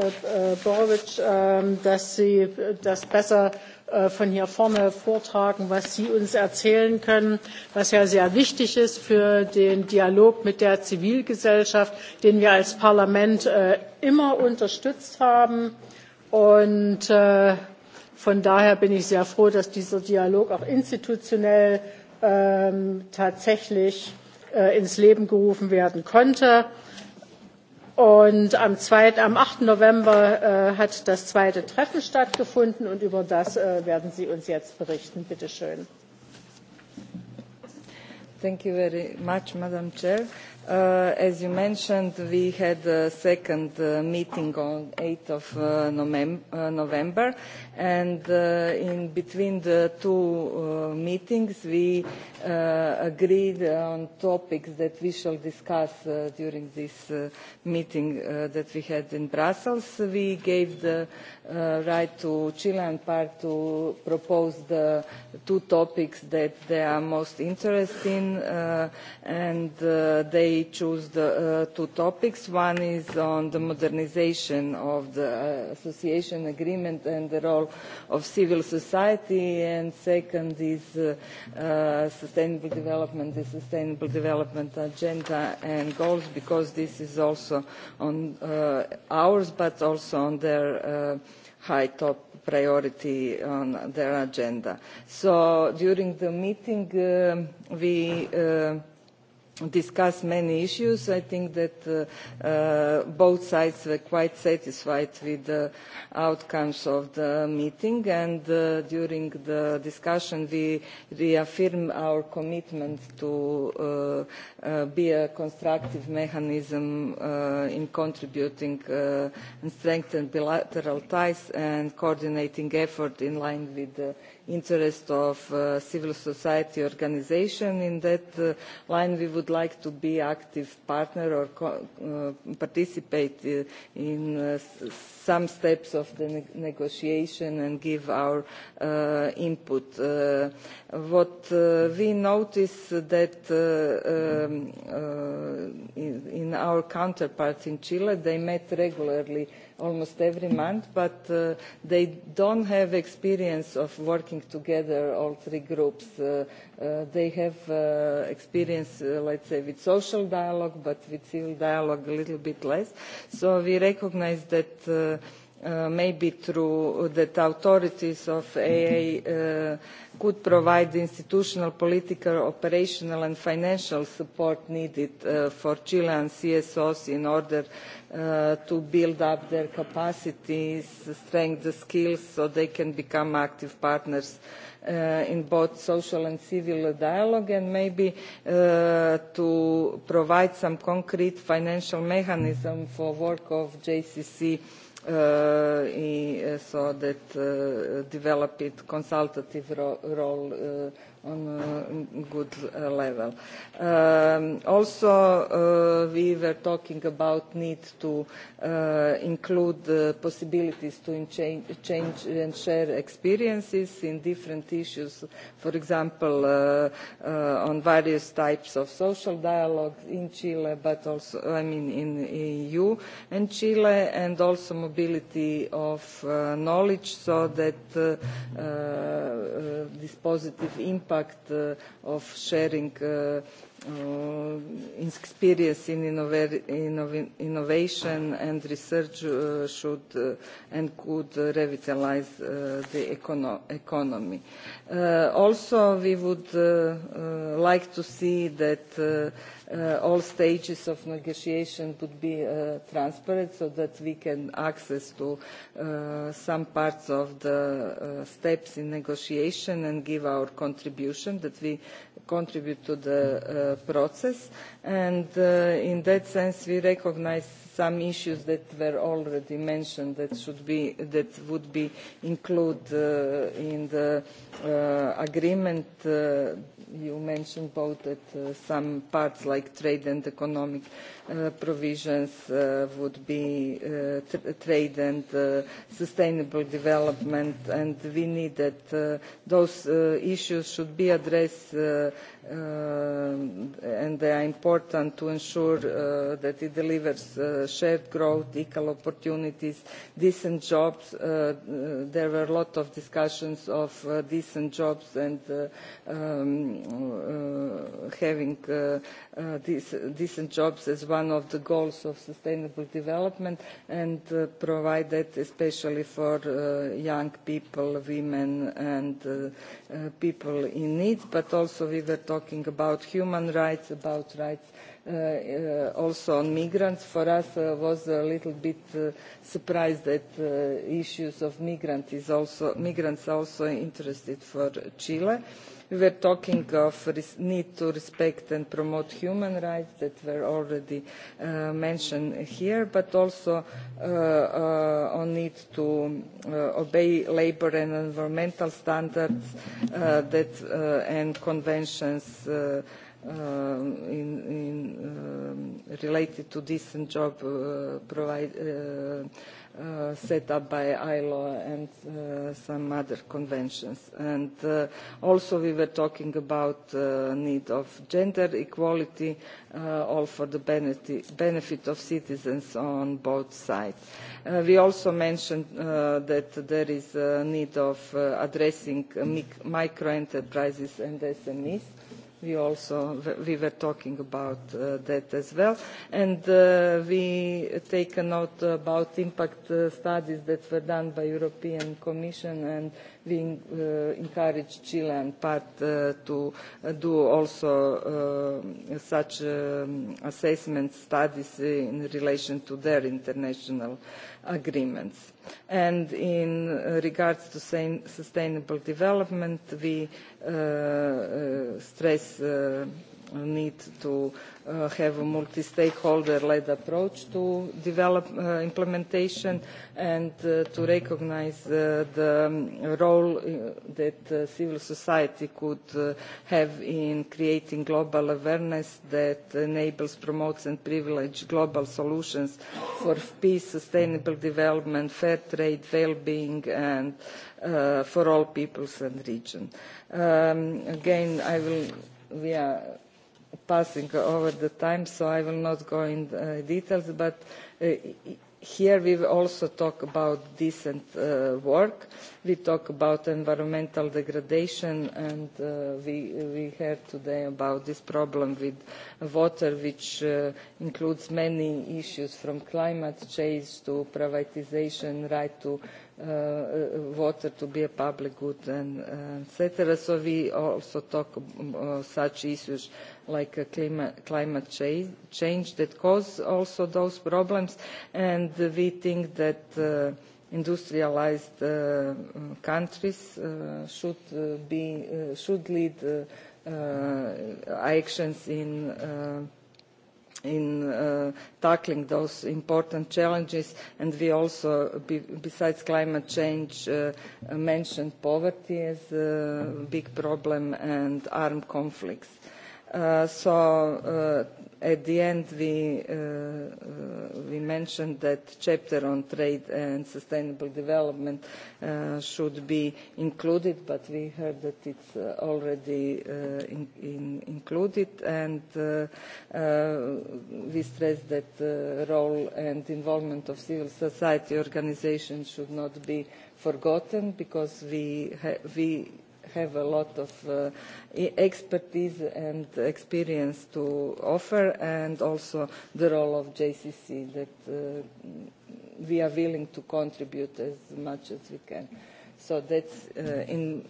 Borovic, äh, ähm, dass sie das besser Äh, von hier vorne vortragen, was Sie uns erzählen können, was ja sehr wichtig ist für den Dialog mit der Zivilgesellschaft, den wir als Parlament äh, immer unterstützt haben. Und äh, von daher bin ich sehr froh, dass dieser Dialog auch institutionell ähm, tatsächlich ins Leben gerufen werden konnte. Und am, 2., am 8. November äh, hat das zweite Treffen stattgefunden und über das äh, werden Sie uns jetzt berichten. Bitte schön. Thank you very much, Madam Chair. Uh, as you mentioned, we had a second uh, meeting on 8th of uh, uh November, and uh, in between the two uh, meetings we uh, agreed on topics that we shall discuss uh, during this uh, meeting uh, that we had in Brussels. We gave the uh, right to Chile and part to propose the two topics that they are most interested in uh, and uh, they choose the uh, two topics. One is on the modernization of the uh, association agreement and the role role of civil society, and second is uh, uh, sustainable development, the sustainable development agenda and goals, because this is also on uh, ours, but also on their uh, high top priority on their agenda. So during the meeting, uh, we uh, discussed many issues. I think that uh, uh, both sides were quite satisfied with the outcomes of the meeting and uh, during the discussion we reaffirmed our commitment to uh, uh, be a constructive mechanism uh, in contributing uh, and strengthening bilateral ties and coordinating effort in line with the interest of uh, civil society organization. In that uh, line, we would like to be active partner or co uh, participate uh, in uh, some steps of the ne negotiation and give our uh, input. Uh, what uh, we notice that uh, um, uh, in, in our counterparts in Chile, they met regularly uh, almost every month, but uh, they don't have experience of working together, all three groups. Uh, uh, they have uh, experience, uh, let's say, with social dialogue, but with civil dialogue a little bit less. So we recognize that uh, Uh, maybe through that authorities of AA uh, could provide the institutional, political, operational and financial support needed uh, for Chilean CSOs in order uh, to build up their capacities, strengthen the skills so they can become active partners uh, in both social and civil dialogue and maybe uh, to provide some concrete financial mechanism for work of JCC uh, uh, i, uh, so that uh, developed consultative ro role uh, on a good uh, level. Um, also, uh, we were talking about need to uh, include uh, possibilities to change, change and share experiences in different issues, for example, uh, uh, on various types of social dialogue in Chile, but also, I mean, in EU and Chile, and also mobility of uh, knowledge so that uh, uh, this positive impact impact uh, of sharing uh, uh, experience in innova innov innovation and research uh, should uh, and could uh, revitalize uh, the econo economy. Uh, also, we would uh, uh, like to see that uh, uh, all stages of negotiation would be uh, transparent so that we can access to uh, some parts of the uh, steps in negotiation and give our contribution that we contribute to the uh, process. And uh, in that sense, we recognize some issues that were already mentioned that should be that would be included uh, in the uh, agreement. Uh, you mentioned both that uh, some parts like trade and economic uh, uh, provisions uh, would be uh, tr trade and uh, sustainable development and we need that uh, those uh, issues should be addressed uh, uh, and they are important to ensure uh, that it delivers uh, shared growth, equal opportunities, decent jobs. Uh, uh there were a lot of discussions of uh, decent jobs and uh, um, uh, having uh, uh, dec decent jobs as one one of the goals of sustainable development and uh, provide that especially for uh, young people, women and uh, uh, people in need. But also we were talking about human rights, about rights uh, uh, also on migrants. For us uh, was a little bit uh, surprised that uh, issues of migrant is also, migrants are also interested for Chile. Uh, we were talking of the need to respect and promote human rights that were already uh, mentioned here but also uh, uh, on need to uh, obey labor and environmental standards uh, that uh, and conventions uh, uh, in, in um, related to decent job uh, provide uh, uh, set up by ILO and uh, some other conventions. And uh, also we were talking about uh, need of gender equality, uh, all for the benefit, benefit of citizens on both sides. Uh, we also mentioned uh, that there is a need of uh, addressing mic micro enterprises and SMEs. Uh, we also we were talking about uh, that as well and uh, we take a note about impact uh, studies that were done by european commission and we uh, encourage Chile and PART uh, to uh, do also uh, such um, assessment studies in relation to their international agreements. And in uh, regards to sustain sustainable development, we uh, uh, stress uh, need to uh, have a multi-stakeholder led approach to develop uh, implementation and uh, to recognize uh, the um, role uh, that uh, civil society could uh, have in creating global awareness that enables, promotes and privileges global solutions for peace, sustainable development, fair trade, well-being and uh, for all peoples and regions. Um, again, I will, we yeah, are passing over the time, so I will not go in uh, details, but uh, here we also talk about decent uh, work. We talk about environmental degradation, and uh, we, we heard today about this problem with water, which uh, includes many issues from climate change to privatization, right to Uh, uh, water to be a public good and uh, etc. So we also talk um, uh, such issues like uh, climate, climate change, change that cause also those problems and uh, we think that uh, industrialized uh, countries uh, should, uh, be, uh, should lead uh, uh, actions in uh, in uh, tackling those important challenges and we also be, besides climate change uh, mentioned poverty as a big problem and armed conflicts. Uh, Uh, so uh, at the end we uh, uh, we mentioned that chapter on trade and sustainable development uh, should be included but we heard that it's uh, already uh, in, in included and uh, uh, we stress that the uh, role and involvement of civil society organizations should not be forgotten because we ha we have a lot of uh, e-, expertise and experience to offer, and also the role of JCC that uh, we are willing to contribute as much as we can. So that's uh, in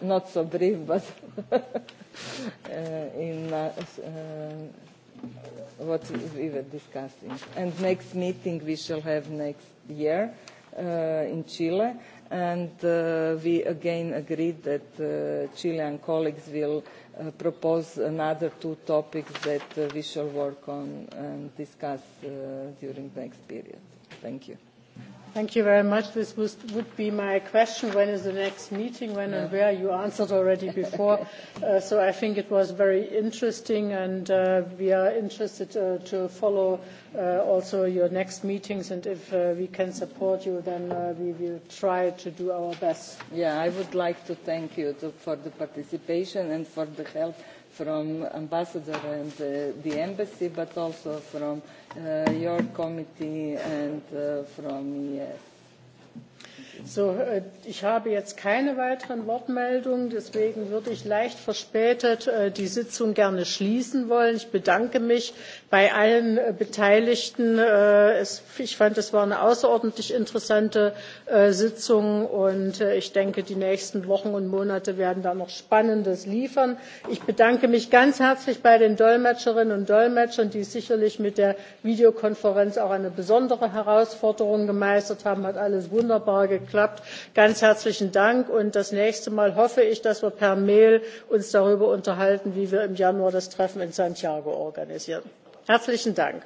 not so brief, (laughs) but uh, in uh, uh, what we were discussing. And next meeting we shall have next year uh, in Chile and uh, we again agreed that uh, Chilean colleagues will uh, propose another two topics that uh, we shall work on and discuss uh, during the next period. Thank you. Thank you very much. This was, would be my question. When is the next meeting? When yeah. and where? You answered already before. (laughs) uh, so I think it was very interesting, and uh, we are interested uh, to follow uh, also your next meetings. And if uh, we can support you, then uh, we will try to do our best. Yeah, I would like to thank you to, for the participation and for the help from ambassador and uh, the embassy, but also from uh, your committee and uh, from ES. So, äh, ich habe jetzt keine weiteren Wortmeldungen, deswegen würde ich leicht verspätet äh, die Sitzung gerne schließen wollen. Ich bedanke mich bei allen äh, Beteiligten. Ich fand, es war eine außerordentlich interessante Sitzung und ich denke, die nächsten Wochen und Monate werden da noch Spannendes liefern. Ich bedanke mich ganz herzlich bei den Dolmetscherinnen und Dolmetschern, die sicherlich mit der Videokonferenz auch eine besondere Herausforderung gemeistert haben. Hat alles wunderbar geklappt geklappt. Ganz herzlichen Dank und das nächste Mal hoffe ich, dass wir per Mail uns darüber unterhalten, wie wir im Januar das Treffen in Santiago organisieren. Herzlichen Dank.